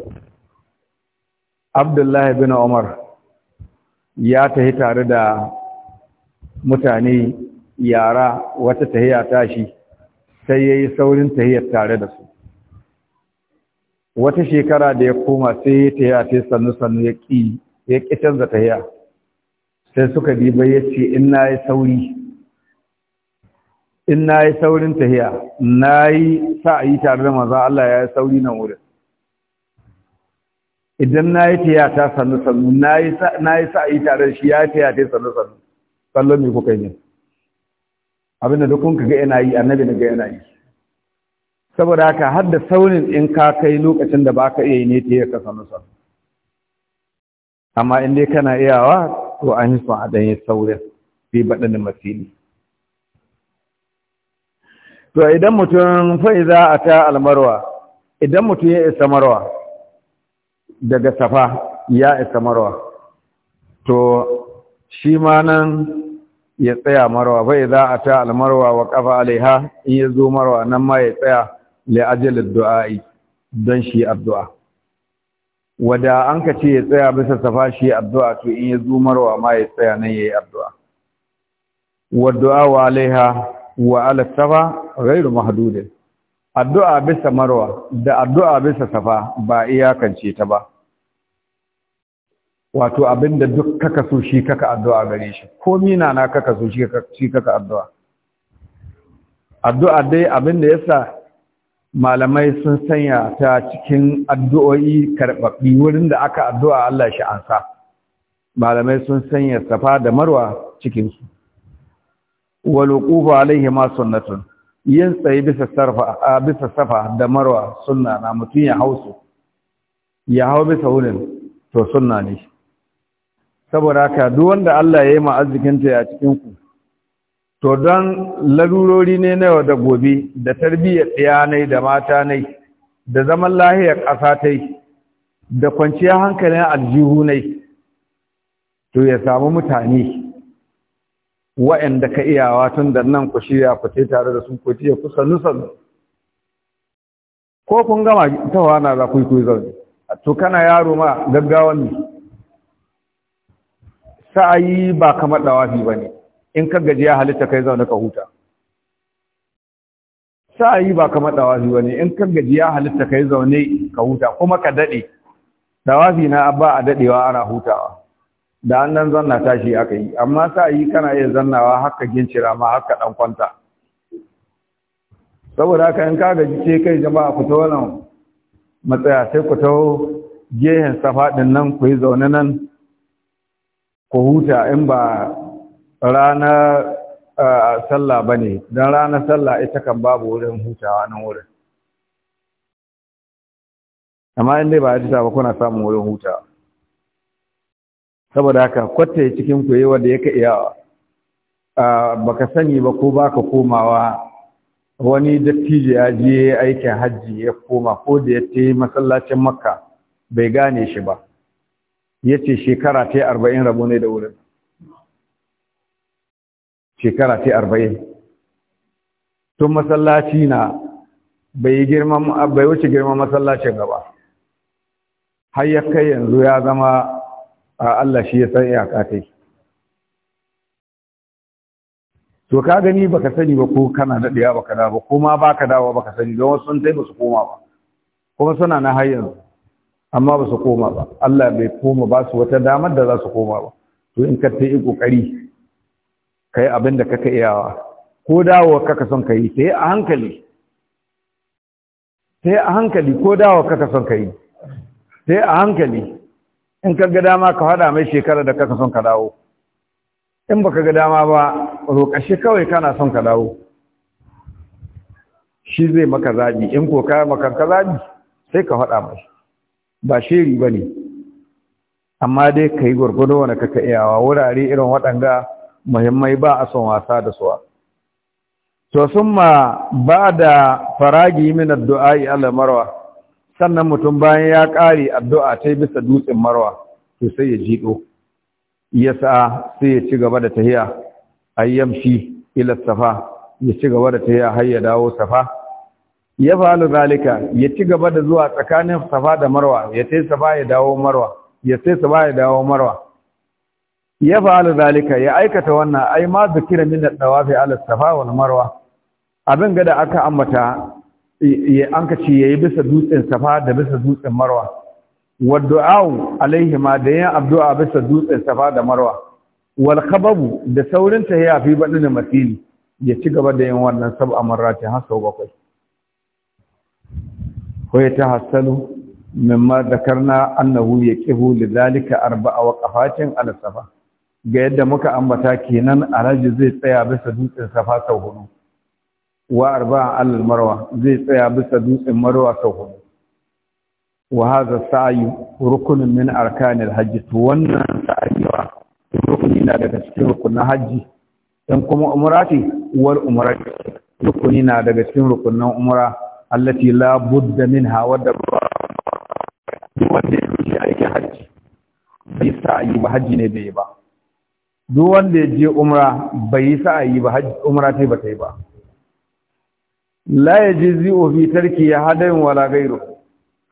abdullahi bin umar ya tahi tare da mutane yara wata tahiya tashi sai ya yi saurin tahiyar tare da su wata shekara da ya koma sai ya tahiya ta sannu sannu ya ƙi ya ƙi canza tahiya sai suka diba ya ce in na yi sauri ina na yi saurin tahiya na yi sa'ayi tare da maza Allah ya yi sauri nan wurin idan na yi tahiya ta sannu sannu na yi sa'ayi tare da shi ya yi tahiya ta sannu sannu sannu mai kuka yi abinda duk kun ga yana yi annabi na ga yana yi saboda haka har da saurin in ka kai lokacin da baka iya yi ne ta yi ka sannu sannu amma in dai kana iyawa to an yi son a ɗan yi saurin fi baɗin masili to idan mutum fai za a ta almarwa idan mutum ya isa marwa daga safa ya isa marwa to shi ma nan ya tsaya marwa fai za a ta almarwa wa ƙafa alaiha in ya zo marwa nan ma ya tsaya li du'a'i don shi addu'a wada an ka ce ya tsaya bisa safa shi addu'a to in ya zo marwa ma ya tsaya nan yayi addu'a du'a wa alaiha wa ala safa ghairu mahdud addu'a bisa marwa da addu'a bisa safa ba iyakance ta ba wato abinda duk kaka so shi kaka addu'a gare shi ko mina na kaka so shi kaka addu'a addu'a dai abinda yasa malamai sun sanya ta cikin addu'o'i karɓaɓɓi wurin da aka addu'a Allah shi ansa malamai sun sanya safa da marwa cikinsu waluqufu alaihi ma sunnatun yin tsaye bisa sarfa safa da marwa sunna na mutum ya hausu ya hau bisa wurin to sunna ne saboda haka duk wanda Allah ya yi ma arzikinta ya cikin to don larurori ne na yau da gobe da tarbiyyar ɗayanai, da mata nai da zaman lahiyar ƙasa ta yi da kwanciyar hankalin aljihu nai to ya samu mutane wa'anda ka iyawa tun da nan ku shirya ku ce tare da sun kuti ya kusa nusan ko kun gama ta wana za ku yi ku zaune to kana yaro ma gaggawan ne sa'ayi ba kamar dawafi ba ne in ka gaji ya halitta kai zaune ka huta yi ba kamar dawafi wani in ka gaji ya halitta kai zaune ka huta kuma ka dade dawafi na ba a dadewa ana hutawa da an nan zanna tashi aka yi amma yi kana iya zannawa haka gincira ma haka dan kwanta saboda haka in ka gaji ce kai jama'a ku ta wannan matsaya sai ku ta gehen safa din nan ku yi zaune nan ku huta in ba ranar sallah ba ne don ranar sallah ita kan babu wurin hutawa nan wurin amma inda ba a ba kuna samun wurin hutawa saboda haka kwatta cikin ku yi wanda yake iya baka sani ba ko baka komawa wani dattijo ya je aikin hajji ya koma ko da ya ta masallacin makka bai gane shi ba ya ce shekara ta yi arba'in rabo ne da wurin shekara ta arba'in tun masallaci na bai wuce girman masallacin gaba har ya kai yanzu ya zama a Allah shi ya san iyaka ta yi to ka gani baka sani ba ko kana daɗewa baka dawo ko ma baka dawo baka sani don wasu sun tai ba su koma ba kuma suna na har yanzu amma ba su koma ba Allah bai koma ba su wata damar da za su koma ba to in ka ta yi ƙoƙari kai abin da kaka iyawa ko dawo kaka son kai sai a hankali sai a hankali ko dawo kaka son kai sai a hankali in ka ga dama ka faɗa mai shekara da kaka son ka dawo in baka ga dama ba roƙashi kawai kana son ka dawo shi zai maka zaɓi in ko ka maka ka zaɓi sai ka faɗa mai ba shiri ba ne amma dai ka yi gwargwado wani kaka iyawa wurare irin waɗanda. muhimmai ba a son wasa da suwa to summa ba da faragi min addu'a ala marwa sannan mutum bayan ya ƙare addu'a ta bisa dutsen marwa to sai ya jido ya sa sai ya ci gaba da tahiya ayyamshi ila safa ya ci gaba da tahiya har ya dawo safa ya fa'alu zalika ya ci gaba da zuwa tsakanin safa da marwa ya tai safa ya dawo marwa ya tai safa ya dawo marwa ya fa'ala zalika ya aikata wannan ai ma zikira min ad-dawafi ala safa marwa abin ga aka ambata ya ka ce yi bisa dutsen safa da bisa dutsen marwa wa alaihi alaihima da yin abdu'a bisa dutsen safa da marwa wal da saurin ta ya fi badin masili ya ci gaba da yin wannan sab'a marrati har sau bakwai ko ya tahassalu mimma na annahu yaqihu lidhalika arba'a waqafatin safa ga yadda muka ambata kenan alhaji zai tsaya bisa dutsen safa sau hudu wa arba'an alal marwa zai tsaya bisa dutsen marwa sau hudu wa hadha sa'yu rukunin min arkanil hajji to wannan sa'yewa rukuni na daga cikin rukunin hajji dan kuma umrati wal umrati rukuni na daga cikin rukunin umra allati la budda minha wadda wanda ya a aikin hajji bai sa'ayi ba hajji ne bai ba duk wanda ya je umra bai yi sa'a yi ba umra ta ba ta yi ba la ya ji zi'o fi tarki ya hadayin wala gairu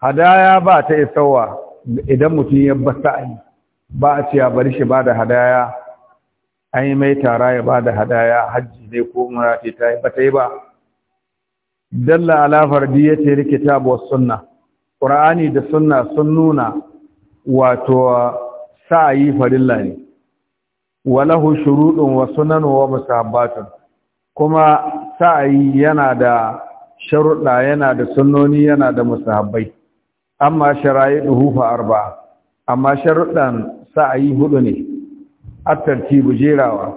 hadaya ba ta yi isawa idan mutum ya ba yi ba a ciya bari shi ba da hadaya an yi mai tara ya ba da hadaya hajji ne ko umra ta yi ba ta yi ba dalla ala fardi ya ce rikita wa sunna qur'ani da sunna sun nuna wato sa'ayi farilla ne Walahu shuruɗun wa sunan wa musabbatun kuma sa'ayi yana da sharuɗa yana da sunnoni yana da musahabbai amma shara'iduhu fa arba amma sharuɗan sa'ayi hudu ne a tartibu jerawa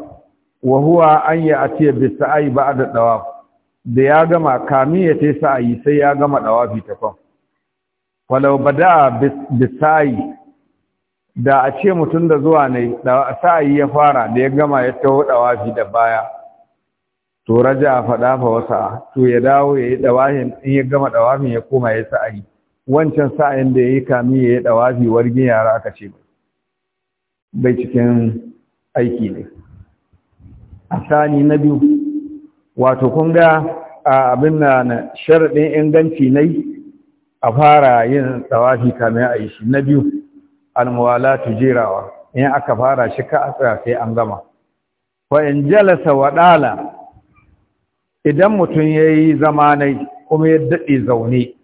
wa huwa an ya'tiya bi sa'ayi ba'da dawaf da ya gama kamin ya tai sa'ayi sai ya gama dawafi takwan walau bada bi sa'ayi da a ce mutum da zuwa ne da sa'ayi ya fara da ya gama ya taho dawafi da baya to raja faɗa fa wasa to ya dawo ya yi dawahin in ya gama dawafin ya koma ya sa'ayi wancan sa'ayin da ya yi kami ya yi dawafi wargin yara aka ce bai cikin aiki ne a sani na biyu wato kun ga abin na sharaɗin inganci ne a fara yin dawafi kamin a yi shi na biyu almuwalatu jirawa, in aka fara shi ka tsaya sai an gama fa in jalasa wadala idan mutum yayi zamanai kuma ya dade zaune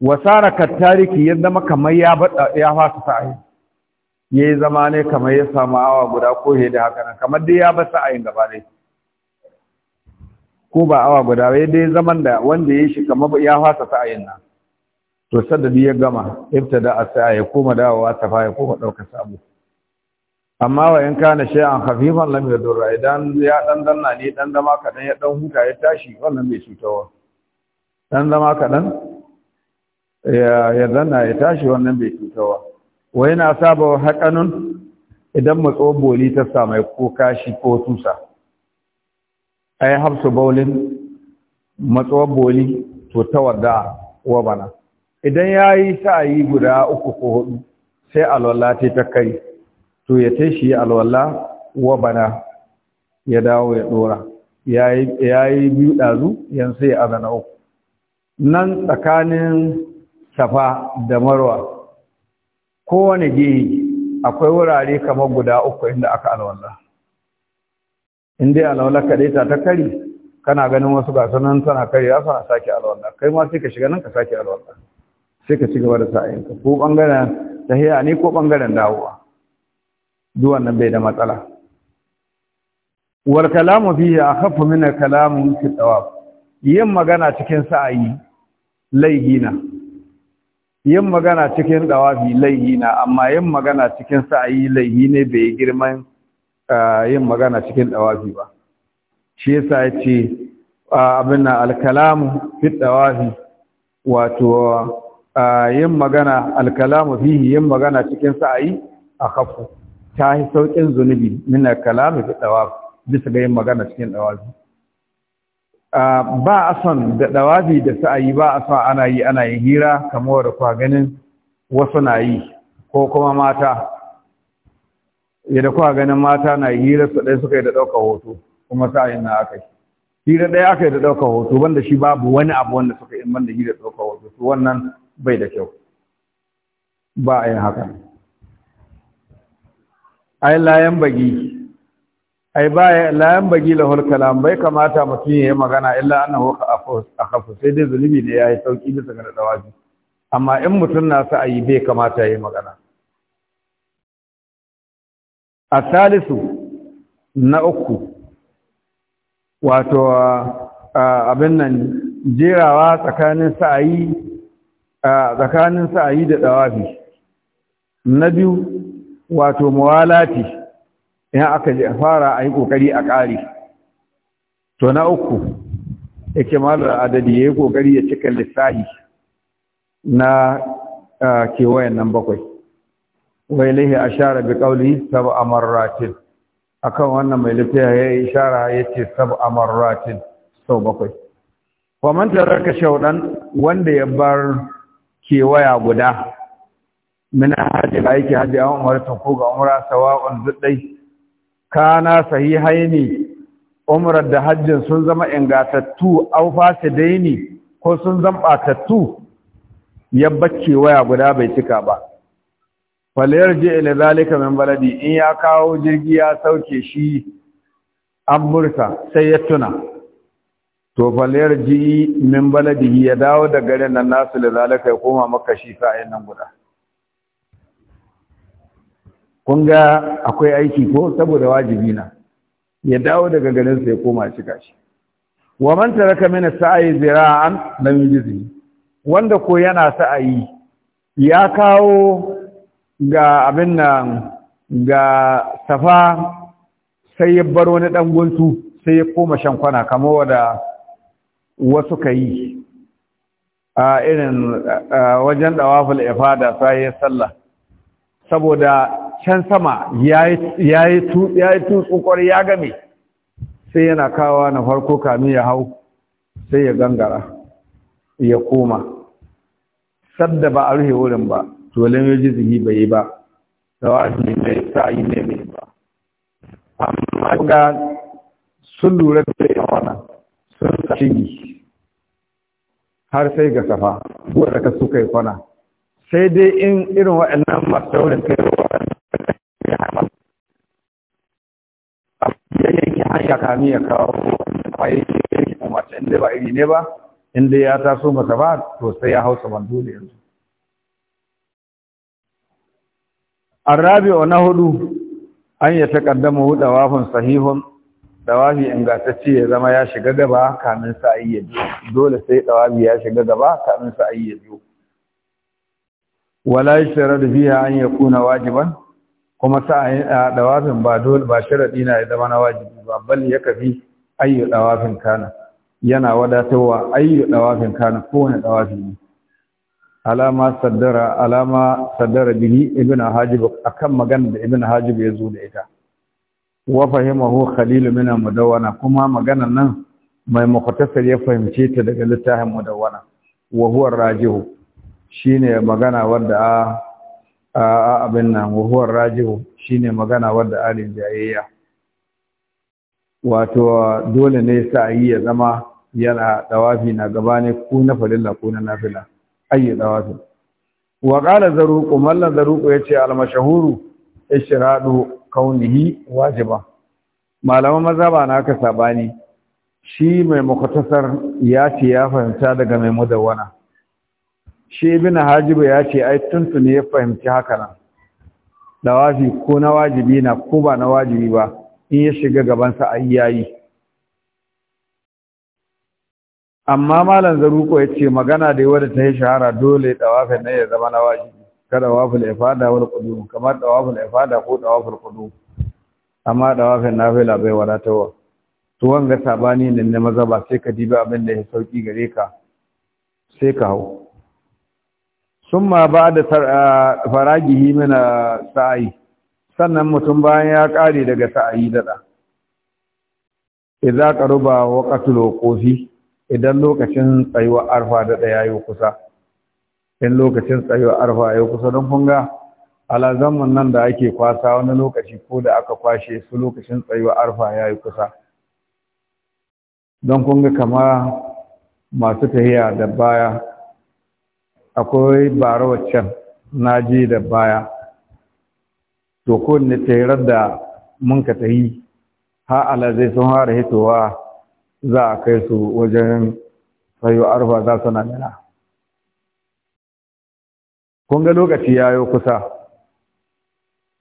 wasara kattariki ya zama kamar ya bada ya fasa sa'i yayi zamanai kamar ya samu awa guda ko he da haka kamar dai ya bar ayin gaba dai ko ba awa guda ba dai zaman da wanda yayi shi kamar ya fasa sai nan to sadadi ya gama ibtada asaya ya koma dawowa tafa ya koma dauka sabu amma wa in kana shay'an khafifan lam yadurra idan ya dan na ne dan dama kadan ya dan huta ya tashi wannan bai cutawa dan dama kadan ya ya danna ya tashi wannan bai cutawa wa yana saba haƙanun idan matso boli ta samu ko kashi ko tusa ai hafsu baulin matso boli to tawadda wa bana idan ya yi sa'ayi guda uku ko hudu sai alwala ta ta kai to ya ta shi alwala wa bana ya dawo ya dora ya yi biyu ɗazu yan sai ya zana uku nan tsakanin safa da marwa kowane gini akwai wurare kamar guda uku inda aka alwala in dai alwala ka ta ta kari kana ganin wasu nan tana kari ya suna sake alwala kai ma sai ka shiga nan ka sake alwala sai ka ci gaba da sa'ayinka ko bangaren tahiya ne ko bangaren dawowa duk wannan bai da matsala wal kalamu fihi akhaffu min al kalamu fi tawaf yin magana cikin sa'ayi laihina yin magana cikin dawafi laihina amma yin magana cikin sa'ayi laihine bai girman ah, yin magana cikin dawafi ba shi yasa yace ah, abin al-kalamu fi dawafi wato yin magana alkalamu fihi yin magana cikin ayi a kafu ta yi sauƙin zunubi min alkalamu fi dawaf bisa ga yin magana cikin dawafi ba a son da dawabi da ayi ba a son ana yi ana yin hira kamar da kwa ganin wasu na yi ko kuma mata da kwa ganin mata na yi hira su ɗaya suka yi da ɗaukar hoto kuma ayin na aka yi hira ɗaya aka yi da ɗaukar hoto banda shi babu wani abu wanda suka yi banda hira da ɗaukar hoto su wannan bai da kyau ba a yin haka ai layan bagi ai ba layan bagi hul kalam bai kamata mutum ya yi magana illa annahu kafu sai dai zunubi ne ya yi sauki bisa ga dawabi amma in mutum na sa ayi bai kamata ya yi magana a salisu na uku wato abin nan jerawa tsakanin sa'ayi a tsakanin sa'ayi da ɗawafi na biyu wato mawalati in aka a fara a yi ƙoƙari a ƙari to na uku yake malar adadi ya yi ƙoƙari ya cika lissahi na kewayen nan bakwai wai lahi a share bi ƙauli sabu a marratin akan wannan mai lafiya ya yi shara ya ce sabu a marratin sau bakwai kwamantar raka shaudan wanda ya bar kewaya guda min haji da yake haji an umarta ko ga umra sawa'un zuddai kana sahihaini umrar da hajjin sun zama ingatattu aw fasidaini ko sun zama tattu yabbace waya guda bai cika ba falyarji ila zalika min baladi in ya kawo jirgi ya sauke shi an murka sai ya tuna to falayar ji min baladihi ya dawo da garin nan nasu da zalaka ya koma maka shi sa'ayin nan guda kun ga akwai aiki ko saboda wajibi na ya dawo daga garin sa ya koma shi gashi wa man taraka min sa'i zira'an lam yujzi wanda ko yana sa'ayi ya kawo ga abin nan ga safa sai ya bar wani dan guntu sai ya koma shankwana kamar wada wasu ka yi a irin wajen dawaful ifada sai ya sallah saboda can sama ya yi tutsukwar ya game sai yana kawo na farko kanu ya hau sai ya gangara ya koma sadda ba a rufe wurin ba tolin yaji zuhi bai yi ba da wa'azi mai yi ne mai ba amma ga sun lura da yawana sun shigi har sai ga safa wadda ka suka yi kwana sai dai in irin waɗannan masu saurin kai ya yanke hanya kami ya kawo kwaye ke umarci inda ba iri ne ba inda ya taso masa ba to sai ya hausa ban dole yanzu arabi na hudu an ta taƙaddama hudu wafin sahihun dawabi ingantacce ya zama ya shiga gaba kamin sa ya biyu dole sai dawabi ya shiga gaba kamin sa ya biyu wala yashara da biya an ya kuna wajiban kuma sa'ayin dawabin ba dole ba sharadi na ya zama na wajibi ba bal ya kafi ayyu dawabin kana yana wadatarwa ayyu dawabin kana ko dawafi ne alama saddara alama saddara bihi ibnu hajib akan magana da ibnu hajib ya zo da ita wa fahimahu khalil min mudawwana kuma maganan nan mai mukhtasar ya fahimce ta daga littafin mudawwana wa huwa rajihu shine magana wanda a abin nan wa huwa rajihu shine magana wanda alin jayayya wato dole ne sa yi ya zama yana dawafi na gaba ne ko na farilla ko na nafila ayi dawafi wa qala zaruqu mallan zaruqu yace al mashhuru ishradu kaunihi wajiba malaman mazhaba na aka sabani shi mai mukhtasar ya ce ya fahimta daga mai mudawwana shi ibn hajibu ya ce ai tuntun ya fahimci haka nan dawafi ko na wajibi na ko ba na wajibi ba in ya shiga gabansa ai yayi amma malam zaruko ya ce magana da yawa da ta yi shahara dole dawafin ne ya zama na wajibi kada wafil ifada wal qudum kamar dawafil ifada ko dawafil qudum amma dawafin nafila bai wa. to wanga sabani ne na maza ba sai ka dibi abin da ya sauki gare ka sai ka hau summa ba'da faragihi min sa'i sannan mutum bayan ya kare daga sa'i dada idza qaruba waqtul wuqufi idan lokacin tsayuwar arfa da yayi kusa in lokacin tsayuwa arfa ya kusa don kunga ala zaman nan da ake kwasa wani lokaci ko da aka kwashe su lokacin tsayuwa arfa ya yi kusa don kunga kama masu tahiya da baya akwai bara na naji da baya to ko ne da mun ka tahi ha ala zai sun hara hitowa za a kai su wajen sayo arfa za su na nuna. kun ga lokaci ya yi kusa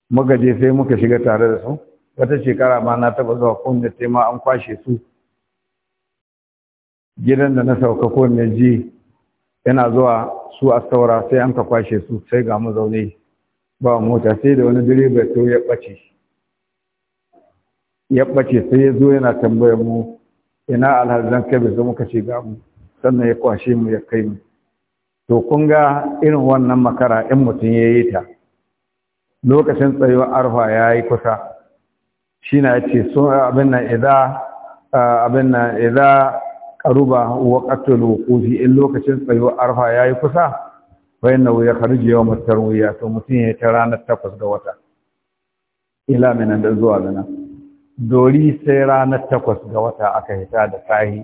magaje sai muka shiga tare da su wata shekara ma na taba zuwa kunna sai ma an kwashe su gidan da na sauka ko na ji yana zuwa su a saura sai an ka kwashe su sai ga mu zaune ba mota sai da wani direba to ya bace ya bace sai ya zo yana tambayar mu ina alhazan kabe zo muka ce mu sannan ya kwashe mu ya kai mu to kun ga irin wannan makara in mutum ya yi ta lokacin tsayuwa arfa ya yi kusa shi na ce sun abin na iza abin na karuba wa katolo kofi in lokacin tsayuwa arfa ya yi kusa na wuya karji yawan mutar wuya to mutum ya yi ta ranar takwas ga wata ila minan da zuwa gana dori sai ranar takwas ga wata aka hita da sahi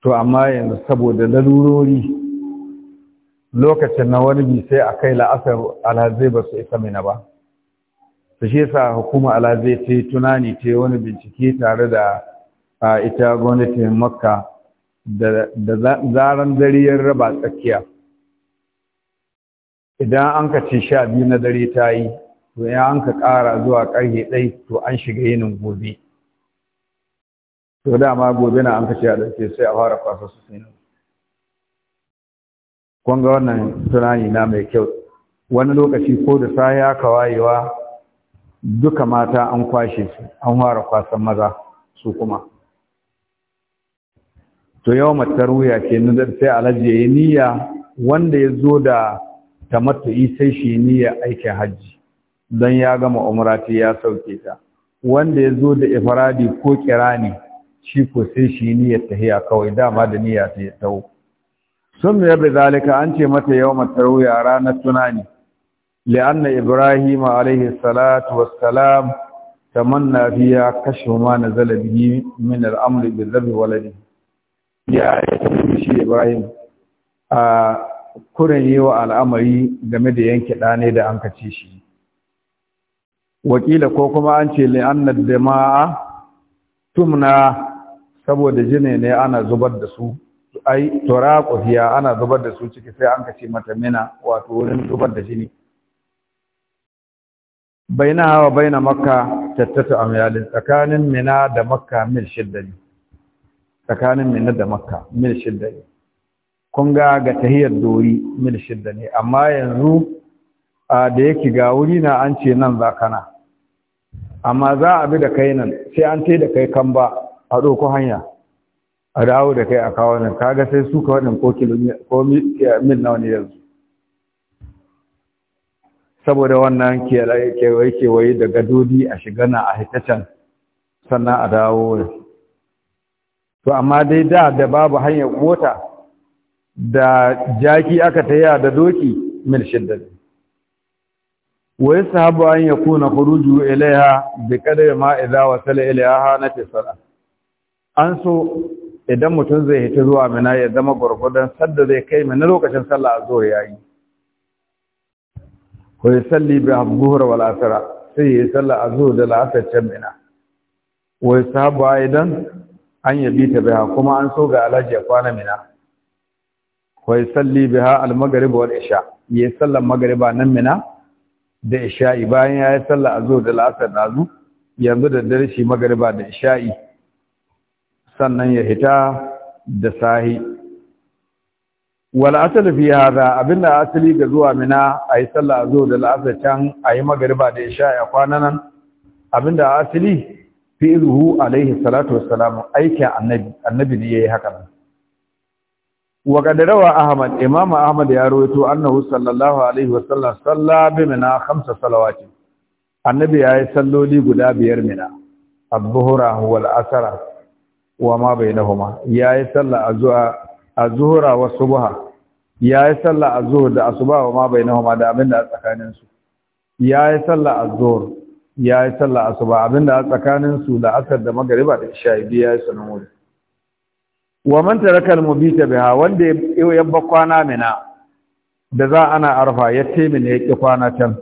to amma yanzu saboda lalurori lokacin na wani sai a kai la'asar alhazi ba su isa mina ba su shi sa hukuma alhazi ta yi tunani ta yi wani bincike tare da ita gwamnatin makka da zaren dare ya raba tsakiya idan an ka ce sha biyu na dare ta yi to ya an ka ƙara zuwa ƙarfe ɗai to an shiga yinin gobe to dama gobe na an ka ce a ɗauke sai a fara fasa su sai kun ga wannan tunani na mai kyau wani lokaci ko da sa ya wayewa duka mata an kwashe su an fara kwasan maza su kuma to yau matar wuya ke nan sai alhaji ya niyya wanda ya zo da tamattu'i sai shi niyya aikin hajji don ya gama umrati ya sauke ta wanda ya zo da ifradi ko kirani shi ko sai shi niyyar tahiya kawai dama da niyya ta ya tawo sun ya bi zalika an ce mata yawmat ya ranar tunani li'anna ibrahim alaihi salatu wassalam tamanna fiya ma na zalabi min al-amr bi waladi ya shi ibrahim a kurin yi wa al'amari game da yanke ɗane da an shi wakila ko kuma an ce li'anna ma'a tumna saboda jini ne ana zubar da su ai turaqu fiya ana zubar da su ciki sai an kace mata mina wato wurin zubar da jini baina hawa baina makka tattatu amyalin tsakanin mina da makka mil shidda ne tsakanin mina da makka mil shidda ne kun ga ga tahiyar dori mil shidda ne amma yanzu da yake ga wuri na an ce nan za kana amma za a bi da kai nan sai an ce da kai kan ba a ɗauko hanya a dawo da kai a kawo nan kaga sai su ka wannan ko min nawa ne yanzu saboda wannan kewaye-kewaye da gadodi a shiga na a hitacan sannan a dawo to amma dai da da babu hanyar mota da jaki aka taya da doki mil shiddadi wai sahabu an yakuna khuruju ilaiha bi kadar ma idza wasala ilaiha na tisara an so idan mutum zai hita zuwa mina ya zama gwargwadon sadda zai kai mina lokacin sallah a zuwa yayi ko ya salli bi zuhur wal asr sai ya sallah a zuwa da la'asar can mina wa sahabu aidan an yabi ta biha kuma an so ga alaji ya kwana mina ko ya salli biha al maghrib wal isha ya sallan maghriba nan mina da isha'i bayan ya yi sallah a zuwa da la'asar nazu yanzu da dare shi maghriba da isha'i sannan ya hita da sahi Wala asali fi hada abinda asali ga zuwa mina ayi sallah zo da la'asar can ayi magariba da isha ya kwana nan abinda asali fi ruhu alaihi salatu wassalam aiki annabi annabi ne yayi haka nan wa qadarawa ahmad Imama ahmad ya rawaito annahu sallallahu alaihi wasallam salla bi mina khamsa salawati annabi yayi salloli guda biyar mina az-zuhra wal wa ma bainahuma yayi sallah azhura wa subha yayi sallah azhur da asuba wa ma bainahuma da abinda a tsakanin su yayi sallah azhur yayi sallah asuba abinda a tsakanin su da asar da magriba da isha ya yayi sunan wuri wa man taraka al-mubita biha wanda ya ba kwana mina da za ana arfa ya teme ne ya ki kwana can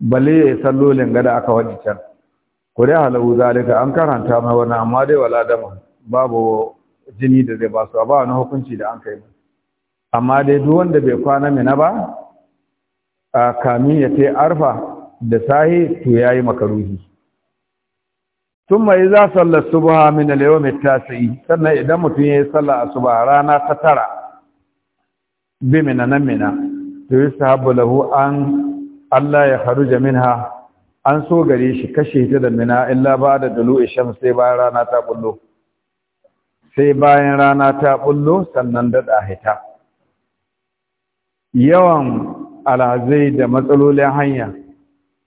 balle ya sallolin gada aka wadi can kuri halahu zalika an karanta mai wani amma dai wala dama babu jini da zai basu. A ba wani hukunci da an kai ba. amma dai duk wanda bai kwana mina ba a kamin ya ce arfa da sahi to yayi makaruhi za idza salla subha min al mai at sannan idan mutum ya yi a sallah asuba rana ta tara bi mina nan mina to sahabu lahu an Allah ya kharuja jaminha an so gare shi kashe ta da mina illa ba da dulu isham sai bayan rana ta bullo sai bayan rana ta bullo sannan daɗa hita yawan alhazai da matsalolin hanya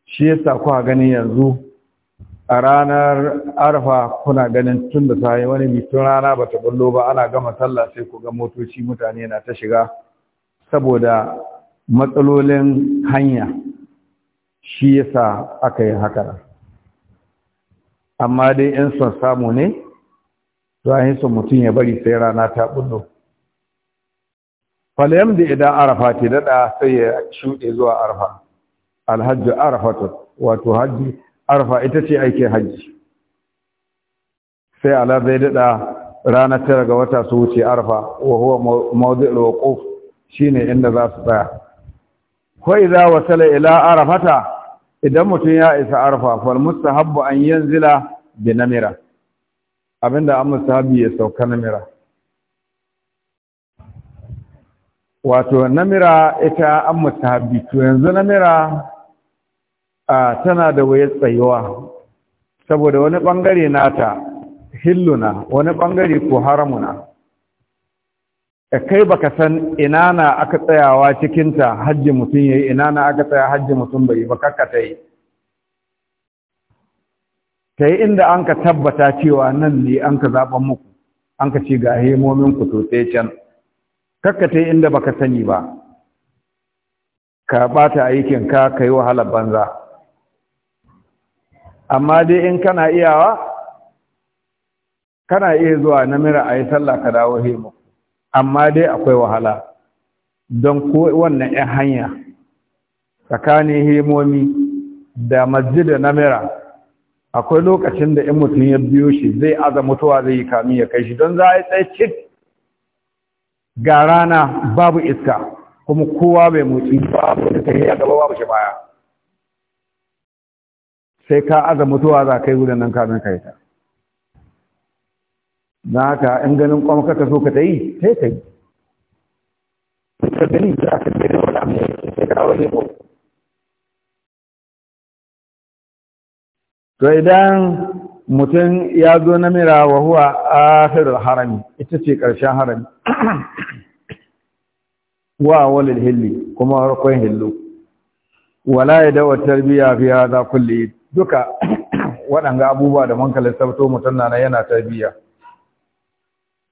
shi yasa kuwa ganin yanzu a ranar arfa kuna ganin tun da sai wani mitun rana ba ta bullo ba ana gama sallah sai ku ga motoci mutane na ta shiga saboda matsalolin hanya shi yasa aka yi haka amma dai in son samu ne to an son mutum ya bari sai rana ta bullo falayam da idan arafa ta daɗa sai ya shuɗe zuwa arafa alhajji arafatun wato hajji arafa ita ce aikin hajji sai ala zai daɗa ranar tara ga wata su wuce arafa wa huwa mawdu'ul wuquf shine inda za su tsaya za wa wasala ila arafata idan mutum ya isa arfa fal mustahabbu an yanzila bi namira abinda an mustahabi ya sauka namira wato namira ita an mustahabi to yanzu namira a tana da wayar tsayuwa saboda wani bangare nata hilluna wani bangare ko haramuna Eh, kai baka san ina na aka tsayawa cikinta hajji mutum ya yi ina na aka tsaya hajji mutum bai yi ba kakka ta yi ta yi inda an ka tabbata cewa nan ne an ka zaɓen muku an ka ci ga hemomin ku sosai can kakka ta yi inda baka sani ba ka ɓata aikin ka ka yi wahalar banza amma dai in kana iyawa kana iya zuwa namira a yi sallah ka dawo hemo amma dai akwai wahala don ko wannan 'yan hanya tsakanin himomi da masjida namira akwai lokacin da in mutum ya biyo shi zai aza mutuwa zai yi kami ya kai shi don za a yi tsaye cik ga rana babu iska kuma kowa bai ba a da ta yi a gaba babu shi baya sai ka aza mutuwa za ka yi wurin nan kamin ka yi ta Na haka in ganin kwam kaka so ka ta yi sai ta yi za wani sai ka to idan mutum ya zo na mira wa huwa akhirul harami ita ce ƙarshen harami (clears throat) wa walil hilli kuma harkon hillu wala ya dawa tarbiya fi hada kulli duka (clears throat) waɗanga abubuwa da mankalin sabto mutum na yana tarbiya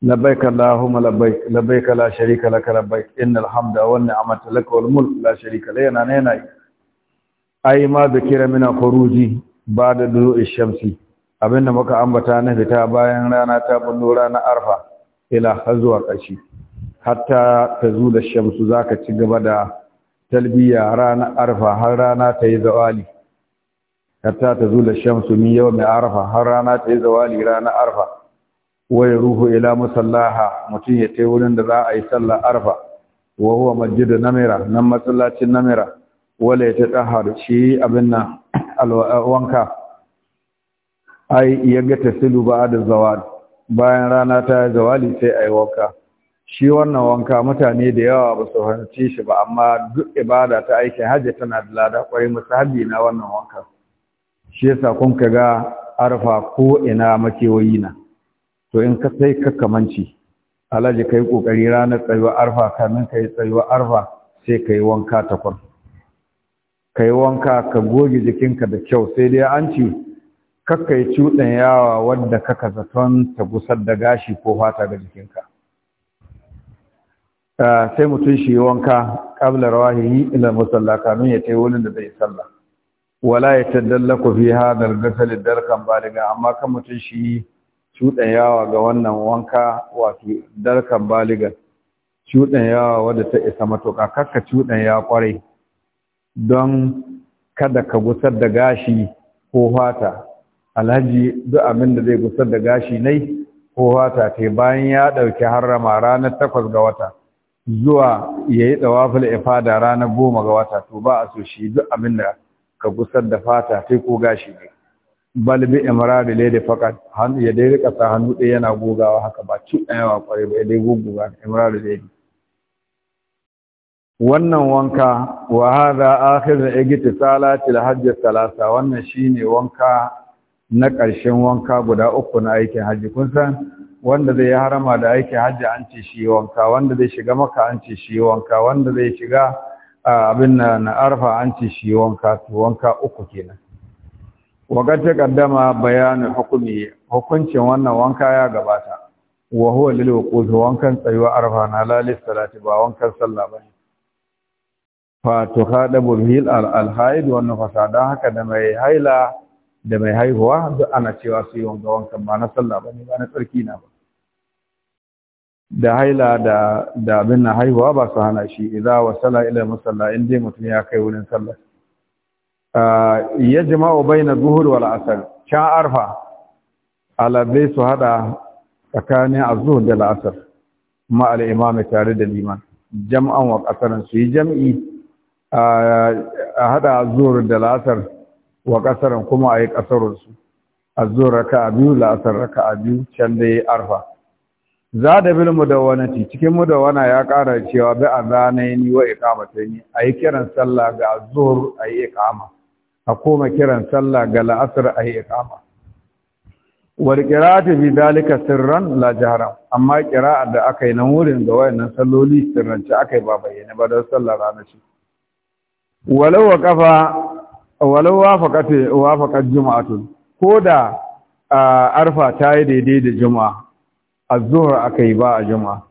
لبيك اللهم لبيك لبيك لا شريك لك لبيك إن الحمد والنعمة لك والملك لا شريك لي أنا نيناي أي ما ذكر من خروجي بعد طلوع الشمس abinda muka ambata na fita bayan rana ta bullo rana arfa ila har zuwa ƙarshe hatta ta shamsu zaka ci gaba da talbiya rana arfa har rana ta yi zawali hatta ta shamsu min yawmi arfa har rana ta yi zawali rana arfa waya ruhu ila musallaha mutum ya tai wurin da za a yi sallah arfa wa huwa masjid namira nan masallacin namira wala ya tahar shi abin nan wanka ai ya yaga tasilu da zawal bayan rana ta zawali sai ai wanka shi wannan wanka mutane da yawa ba su hanci shi ba amma duk ibada ta aikin hajji tana da lada kwai musahabi na wannan wanka shi yasa kun ga arfa ko ina makewayi na to in ka sai ka kamanci alhaji kai kokari ranar tsayuwa arfa kamin kai tsayuwa arfa sai kai wanka Ka kai wanka ka goge jikinka da kyau sai dai an ci kakka yi cuɗan yawa wadda kaka zaton ta gusar da gashi ko fata da jikinka ah, sai mutum shi wanka ƙabla yi ila musalla kamin ya ce wurin da zai sallah wala ya ta ku fi hadar gasal darkan baliga amma kan mutum shi cuɗanyawa ga wannan wanka wato darkan baligan cuɗanyawa wadda ta isa matuƙa kakka cuɗanya ƙwarai don kada ka gusar da gashi ko fata alhaji duk abin da zai gusar da gashi nai ko fata ta bayan ya ɗauki harrama ranar takwas ga wata zuwa ya yi ya ifada ranar goma ga wata to ba a so shi duk abin da ka gusar da fata ta ko gashi ne balbi imrari lede fakat hannu ya dai rika sa hannu ɗaya yana gogawa haka ba ci ɗayawa kwarai ba ya dai gogowa imrari lede wannan wanka wa hadha akhir igtisalati salati alhajj salasa wannan shine wanka na ƙarshen wanka guda uku na aikin Hajji. kun san wanda zai harama da aikin Hajji an ce shi wanka wanda zai shiga maka an ce shi wanka wanda zai shiga abin na arfa an ce shi wanka to wanka uku kenan waƙar ta ƙaddama bayanin hukumi hukuncin wannan wanka ya gabata wa huwa lil wuquf wankan tsayuwa arfa na lalis salati ba wankan sallah bane fa tuhadabu bil al haid wa nafasa haka da mai haila da mai haihuwa duk ana cewa su yi wanka wankan ba na sallah bane ba na tsarki na ba da haila da da abin na haihuwa ba su hana shi idza wasala ila musalla in dai mutum ya kai wurin sallah ya jima'u bayna zuhur wal asr can arfa alabai su haɗa tsakanin azhur da la'asar. ma al imam tare da liman jam'an wa qasaran su yi jam'i a hada azhur da la'asar wa qasaran kuma ayi qasarun su azhur raka'a biyu al'asr raka'a biyu can dai arfa za da bil mudawwanati cikin mudawwana ya ƙara cewa bi azanaini wa A yi kiran sallah ga a yi iqama a koma kiran sallah ga la'asar a yi ikama wal ta fi dalika sirran la jahra amma kira da aka yi nan wurin ga wayannan salloli sirrance aka yi ba bayyane ba don sallar rana ce walau waqafa walau Juma'a tun juma'atun da arfa ta yi daidai da juma'a a zuhar aka yi ba a juma'a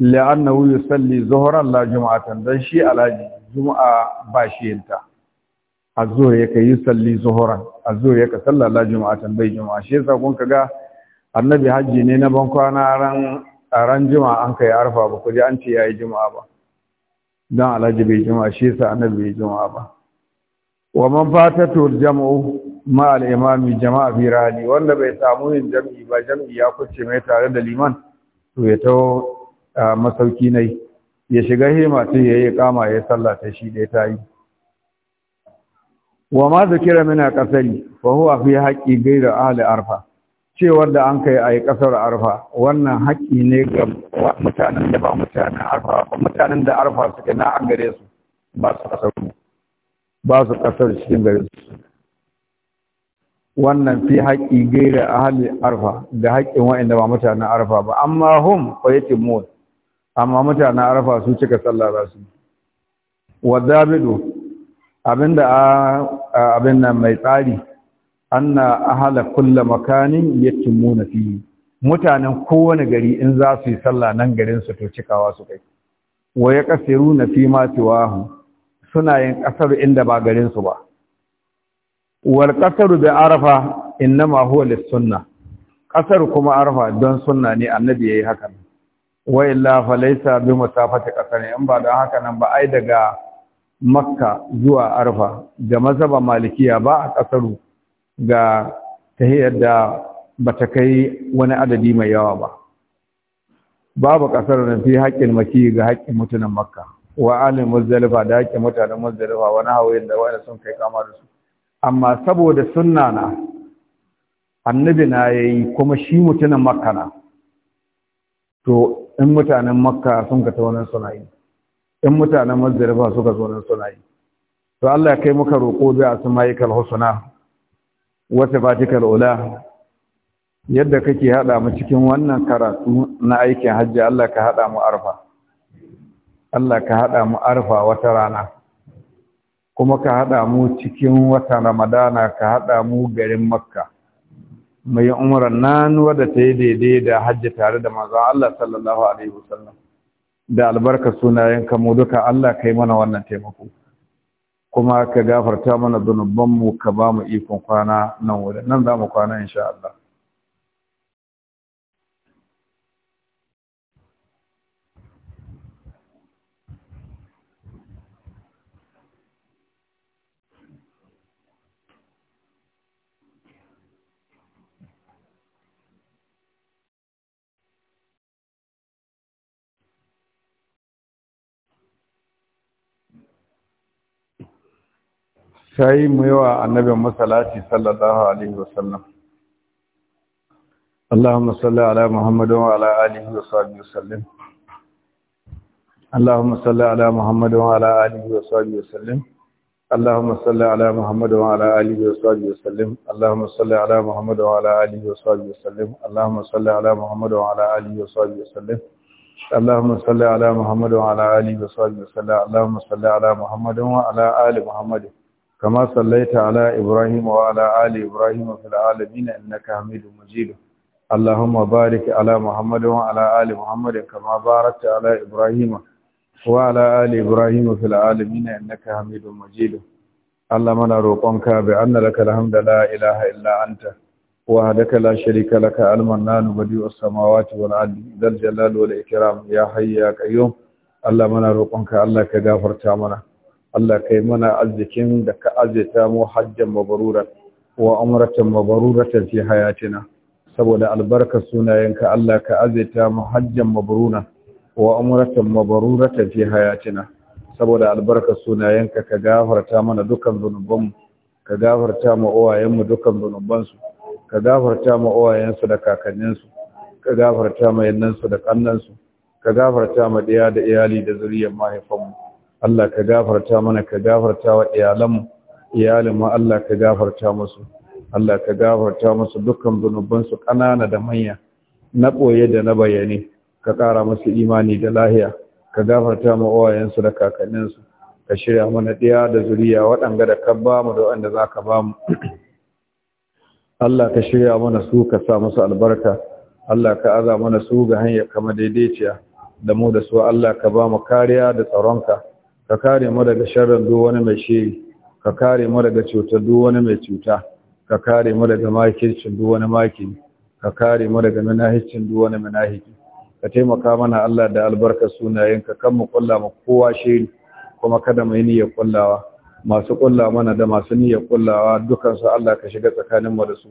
la'annahu salli zuhuran la tun don shi alaji juma'a ba shi yinta azur yake yusalli zuhuran ya yake sallar la juma'atan bai juma'a shi yasa kun kaga annabi hajji ne na ban kwana ran ran juma'a an kai arfa ba ku ji an ce yayi juma'a ba dan alhaji bai juma'a shi yasa annabi bai juma'a ba wa man fatatu jam'u ma al-imami jama'a bi rali wanda bai samu yin jam'i ba jam'i ya kuce mai tare da liman to ya to masauki nai ya shiga hima sai yayi kama ya sallata shi dai ta yi. wa ma zikira mina kasari fa huwa fi haqqi ghayr ahli arfa cewar da an kai ai kasar arfa wannan haƙƙi ne ga mutanen da ba mutanen arfa ba mutanen da arfa suke na an gare su ba su kasar ba su kasar cikin gare su wannan fi haƙƙi gaira ahli arfa da haƙƙin wa'anda ba mutanen arfa ba amma hum fa yatimmun amma mutanen arfa su cika sallah za su Wa zabidu abinda a abin nan mai tsari anna ahala kulla makanin yatimuna fi mutanen kowane gari in za su yi sallah nan garin su to cikawa su kai wa yaqsiruna fi ma tiwahu suna yin kasar inda ba garin su ba wal qasaru bi arafa innama huwa lis sunnah kasar kuma arafa don sunna ne annabi yayi hakan wa illa laysa bi musafati qasarin in ba don haka nan ba ai daga makka zuwa arfa da mazhaba malikiya ba a ƙasaru ga ta yadda ba ta kai wani adadi mai yawa ba babu ƙasar da fi haƙƙin maki ga haƙƙin mutanen makka wa alin muzdalifa da haƙƙin mutanen muzdalifa wani hawayin da wani sun kai kama da su amma saboda sunna na annabi na ya yi kuma shi mutanen makka na to in mutanen makka sun ka ta wani suna yi in mutanen mazdarifa suka zo nan suna yi to Allah ya kai muka roƙo bi asma'ikal husna wa sifatikal ula yadda kake haɗa mu cikin wannan karatu na aikin hajji Allah ka hada mu arfa Allah ka hada mu arfa wata rana kuma ka haɗa mu cikin watan Ramadana ka haɗa mu garin Makka mai umrar nan wadda ta yi daidai da hajji tare da manzon Allah sallallahu alaihi wasallam da albarka sunayenka mu duka Allah kai mana wannan taimako kuma ka gafarta mana zunubanmu ka ba mu ikon kwana nan wurin nan za mu kwana insha Allah sai mu yawa annabin masalaci sallallahu alaihi wasallam Allahumma salli ala Muhammadin wa ala alihi wa sahbihi wasallim Allahumma salli ala Muhammadin wa ala alihi wa sahbihi wasallim Allahumma salli ala Muhammadin wa ala alihi wa sahbihi wasallim Allahumma salli ala Muhammadin wa ala alihi wa sahbihi wasallim Allahumma salli ala Muhammadin wa ala alihi wa sahbihi wasallim اللهم صل على محمد وعلى اله وصحبه وسلم اللهم صل على محمد وعلى ال محمد كما صليت على إبراهيم وعلى آل إبراهيم في العالمين إنك حميد مجيد اللهم بارك على محمد وعلى آل محمد كما باركت على إبراهيم وعلى آل إبراهيم في العالمين إنك حميد مجيد اللهم نروقنك بأن لك الحمد لا إله إلا أنت وحدك لا شريك لك المنان بديع السماوات والأرض ذا الجلال والإكرام يا حي يا قيوم اللهم نروقنك الله كغفرت منا Allah kai mana arzikin da ka arzita mu hajjan mabaruran wa umratan mabaruratan fi hayatina saboda albarka sunayenka Allah ka arzita mu hajjan mabruna wa umratan mabaruratan fi hayatina saboda albarka sunayenka ka gafarta mana dukan zunubanmu ka gafarta mu uwayenmu dukan zunubansu ka gafarta mu uwayensu da kakanninsu ka gafarta mu yannansu da kannansu ka gafarta mu diya da iyali da zuriyar mahaifanmu Allah ka gafarta mana ka gafarta wa iyalanmu iyalin ma Allah ka gafarta musu Allah ka gafarta musu dukkan su kanana da manya na ɓoye da na bayani ka kara musu imani da lahiya ka gafarta ma uwayensu da kakanninsu ka shirya mana diya da zuriya waɗanda da ka ba mu da waɗanda za ka ba mu Allah ka shirya mana su ka sa musu albarka Allah ka aza mana su ga hanya kama daidaiciya da mu da su Allah ka ba mu kariya da tsaronka ka kare mu daga sharrin duk wani mai shiri ka kare mu daga cutar duk wani mai cuta ka kare mu daga makircin duk wani makin ka kare mu daga manahicin duk wani manahiki ka taimaka mana Allah da albarka ka kan mu kulla mu kowa shiri kuma kada mu yi niyyar kullawa masu kulla mana da masu niyyar kullawa dukan su Allah ka shiga tsakanin mu da su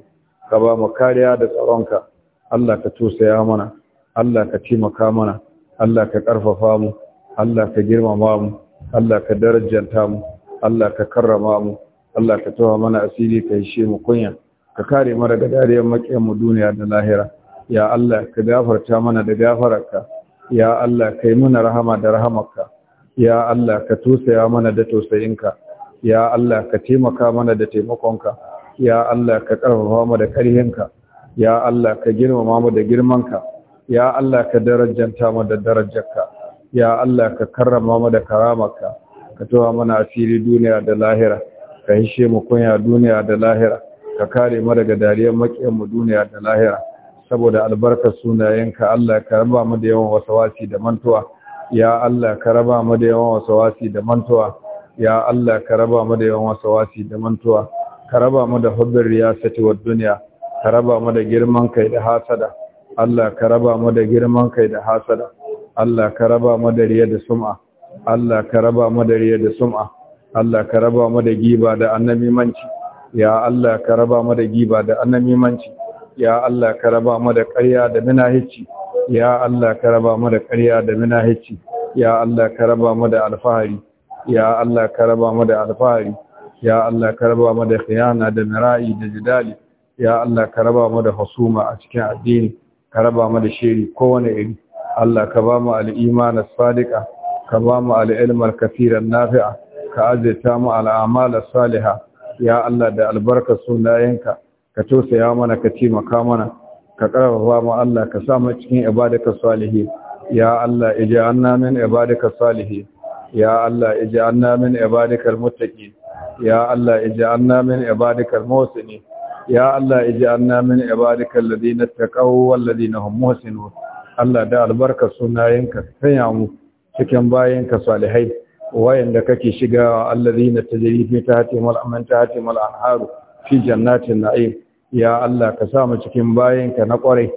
ka ba mu kariya da tsaronka Allah ka tusaya mana Allah ka taimaka mana Allah ka karfafa mu Allah ka girmama mu Allah ka darajanta mu Allah ka karrama mu Allah ka tawa mana asiri ka yi mu kunya ka kare mara daga dariyar makiyan mu duniya da lahira ya Allah ka gafarta mana da gafararka ya Allah ka yi mana rahama da rahamarka ya Allah ka tusaya mana da tausayinka ya Allah ka taimaka mana da taimakonka ya Allah ka karfafa mu da ƙarhinka ya Allah ka girmama mu da girmanka ya Allah ka darajanta mu da darajarka ya Allah ka karrama mu da karamarka ka towa mana asiri duniya da lahira ka hishe mu kunya duniya da lahira ka kare mu daga dariyar makiyan mu duniya da lahira saboda albarkar sunayenka Allah ka raba mu da yawan wasawasi da mantuwa ya Allah ka raba mu da yawan wasawasi da mantuwa ya Allah ka raba mu da yawan wasawasi da mantuwa ka raba mu da hubbin riyasati wa dunya ka raba mu da girman kai da hasada Allah ka raba mu da girman kai da hasada Allah ka raba mu da da sum'a Allah ka raba mu da da sum'a Allah ka raba mu da giba da annabi manci ya Allah ka raba mu da giba da annabi manci ya Allah ka raba mu da ƙarya da minahici ya Allah ka raba mu da ƙarya da minahici ya Allah ka raba mu da alfahari ya Allah ka raba mu da alfahari ya Allah ka raba mu da khiyana da mira'i da jidali ya Allah ka raba mu da husuma a cikin addini ka raba mu da shiri kowane iri Allah ka ba mu al'imana salika ka ba mu al'ilmar kafiran nafi'a ka azaita mu al'amala saliha ya Allah da albarka sunayenka ka tausaya mana ka taimaka mana ka karfafa mu Allah ka sa mu cikin ibadaka salihi ya Allah ij'alna min ibadika salihi ya Allah ij'alna min ibadika mutaki, ya Allah ij'alna min ibadika almuhsini ya Allah ij'alna min ibadika alladhina taqaw wal ladina hum Allah da albarka sunayenka sanya mu cikin bayanka salihai wayanda kake shiga allazina tajri fi tahtihim al-amman tahtihim al-anharu fi jannatin na'im ya Allah ka sa mu cikin bayanka na kwarai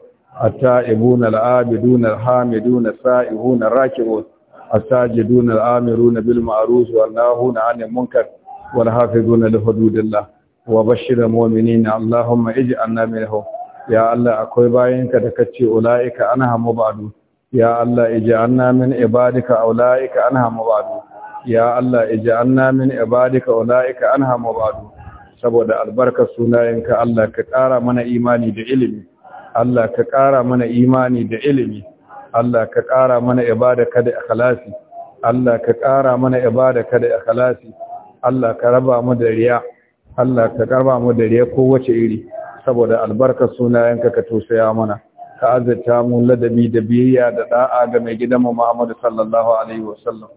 at-ta'ibun al-abidun al-hamidun as-sa'ihun ar-rakibun as al-amirun bil ma'ruf wan nahuna 'anil munkar wal hafizun li hududillah wa bashshir al-mu'minina allahumma ij'alna minhum ya Allah akwai bayanka da kace ulaika anhamu ba'du ya Allah ij'alna min ibadika ulaika anhamu ba'du ya Allah ij'alna min ibadika ulaika anhamu ba'du saboda albarkar sunayenka Allah ka ƙara mana imani da ilimi Allah ka ƙara mana imani da ilimi Allah ka ƙara mana ibada kada ikhlasi Allah ka ƙara mana ibada kada ikhlasi Allah ka raba mu da riya Allah ka karba mu da riya kowace iri saboda albarkar sunayenka ka tosaya mana ka azurta mu ladabi da biyayya da da'a ga mai gidanmu Muhammadu sallallahu alaihi wasallam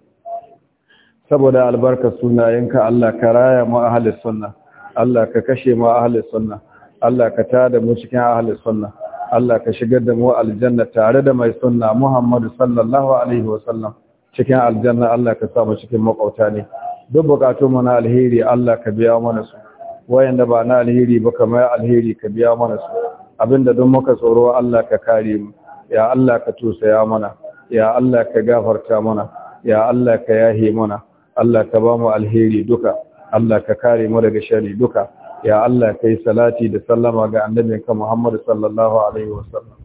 saboda albarkar sunayenka Allah ka raya mu ahli sunna Allah ka kashe mu ahli sunna Allah ka tada mu cikin ahli sunna Allah ka shigar da mu aljanna tare da mai sunna Muhammadu sallallahu alaihi wasallam cikin aljanna Allah ka sa mu cikin makauta ne duk bukatun mu na alheri Allah ka biya mana su wayanda ba na alheri ba kamar alheri ka biya mana su abinda don muka tsoro Allah ka kare mu ya Allah ka tosaya mana ya Allah ka gafarta mana ya Allah ka yahe mana Allah ka ba mu alheri duka Allah ka kare mu daga shari duka ya Allah kai salati da sallama ga annabinka Muhammad sallallahu alaihi wasallam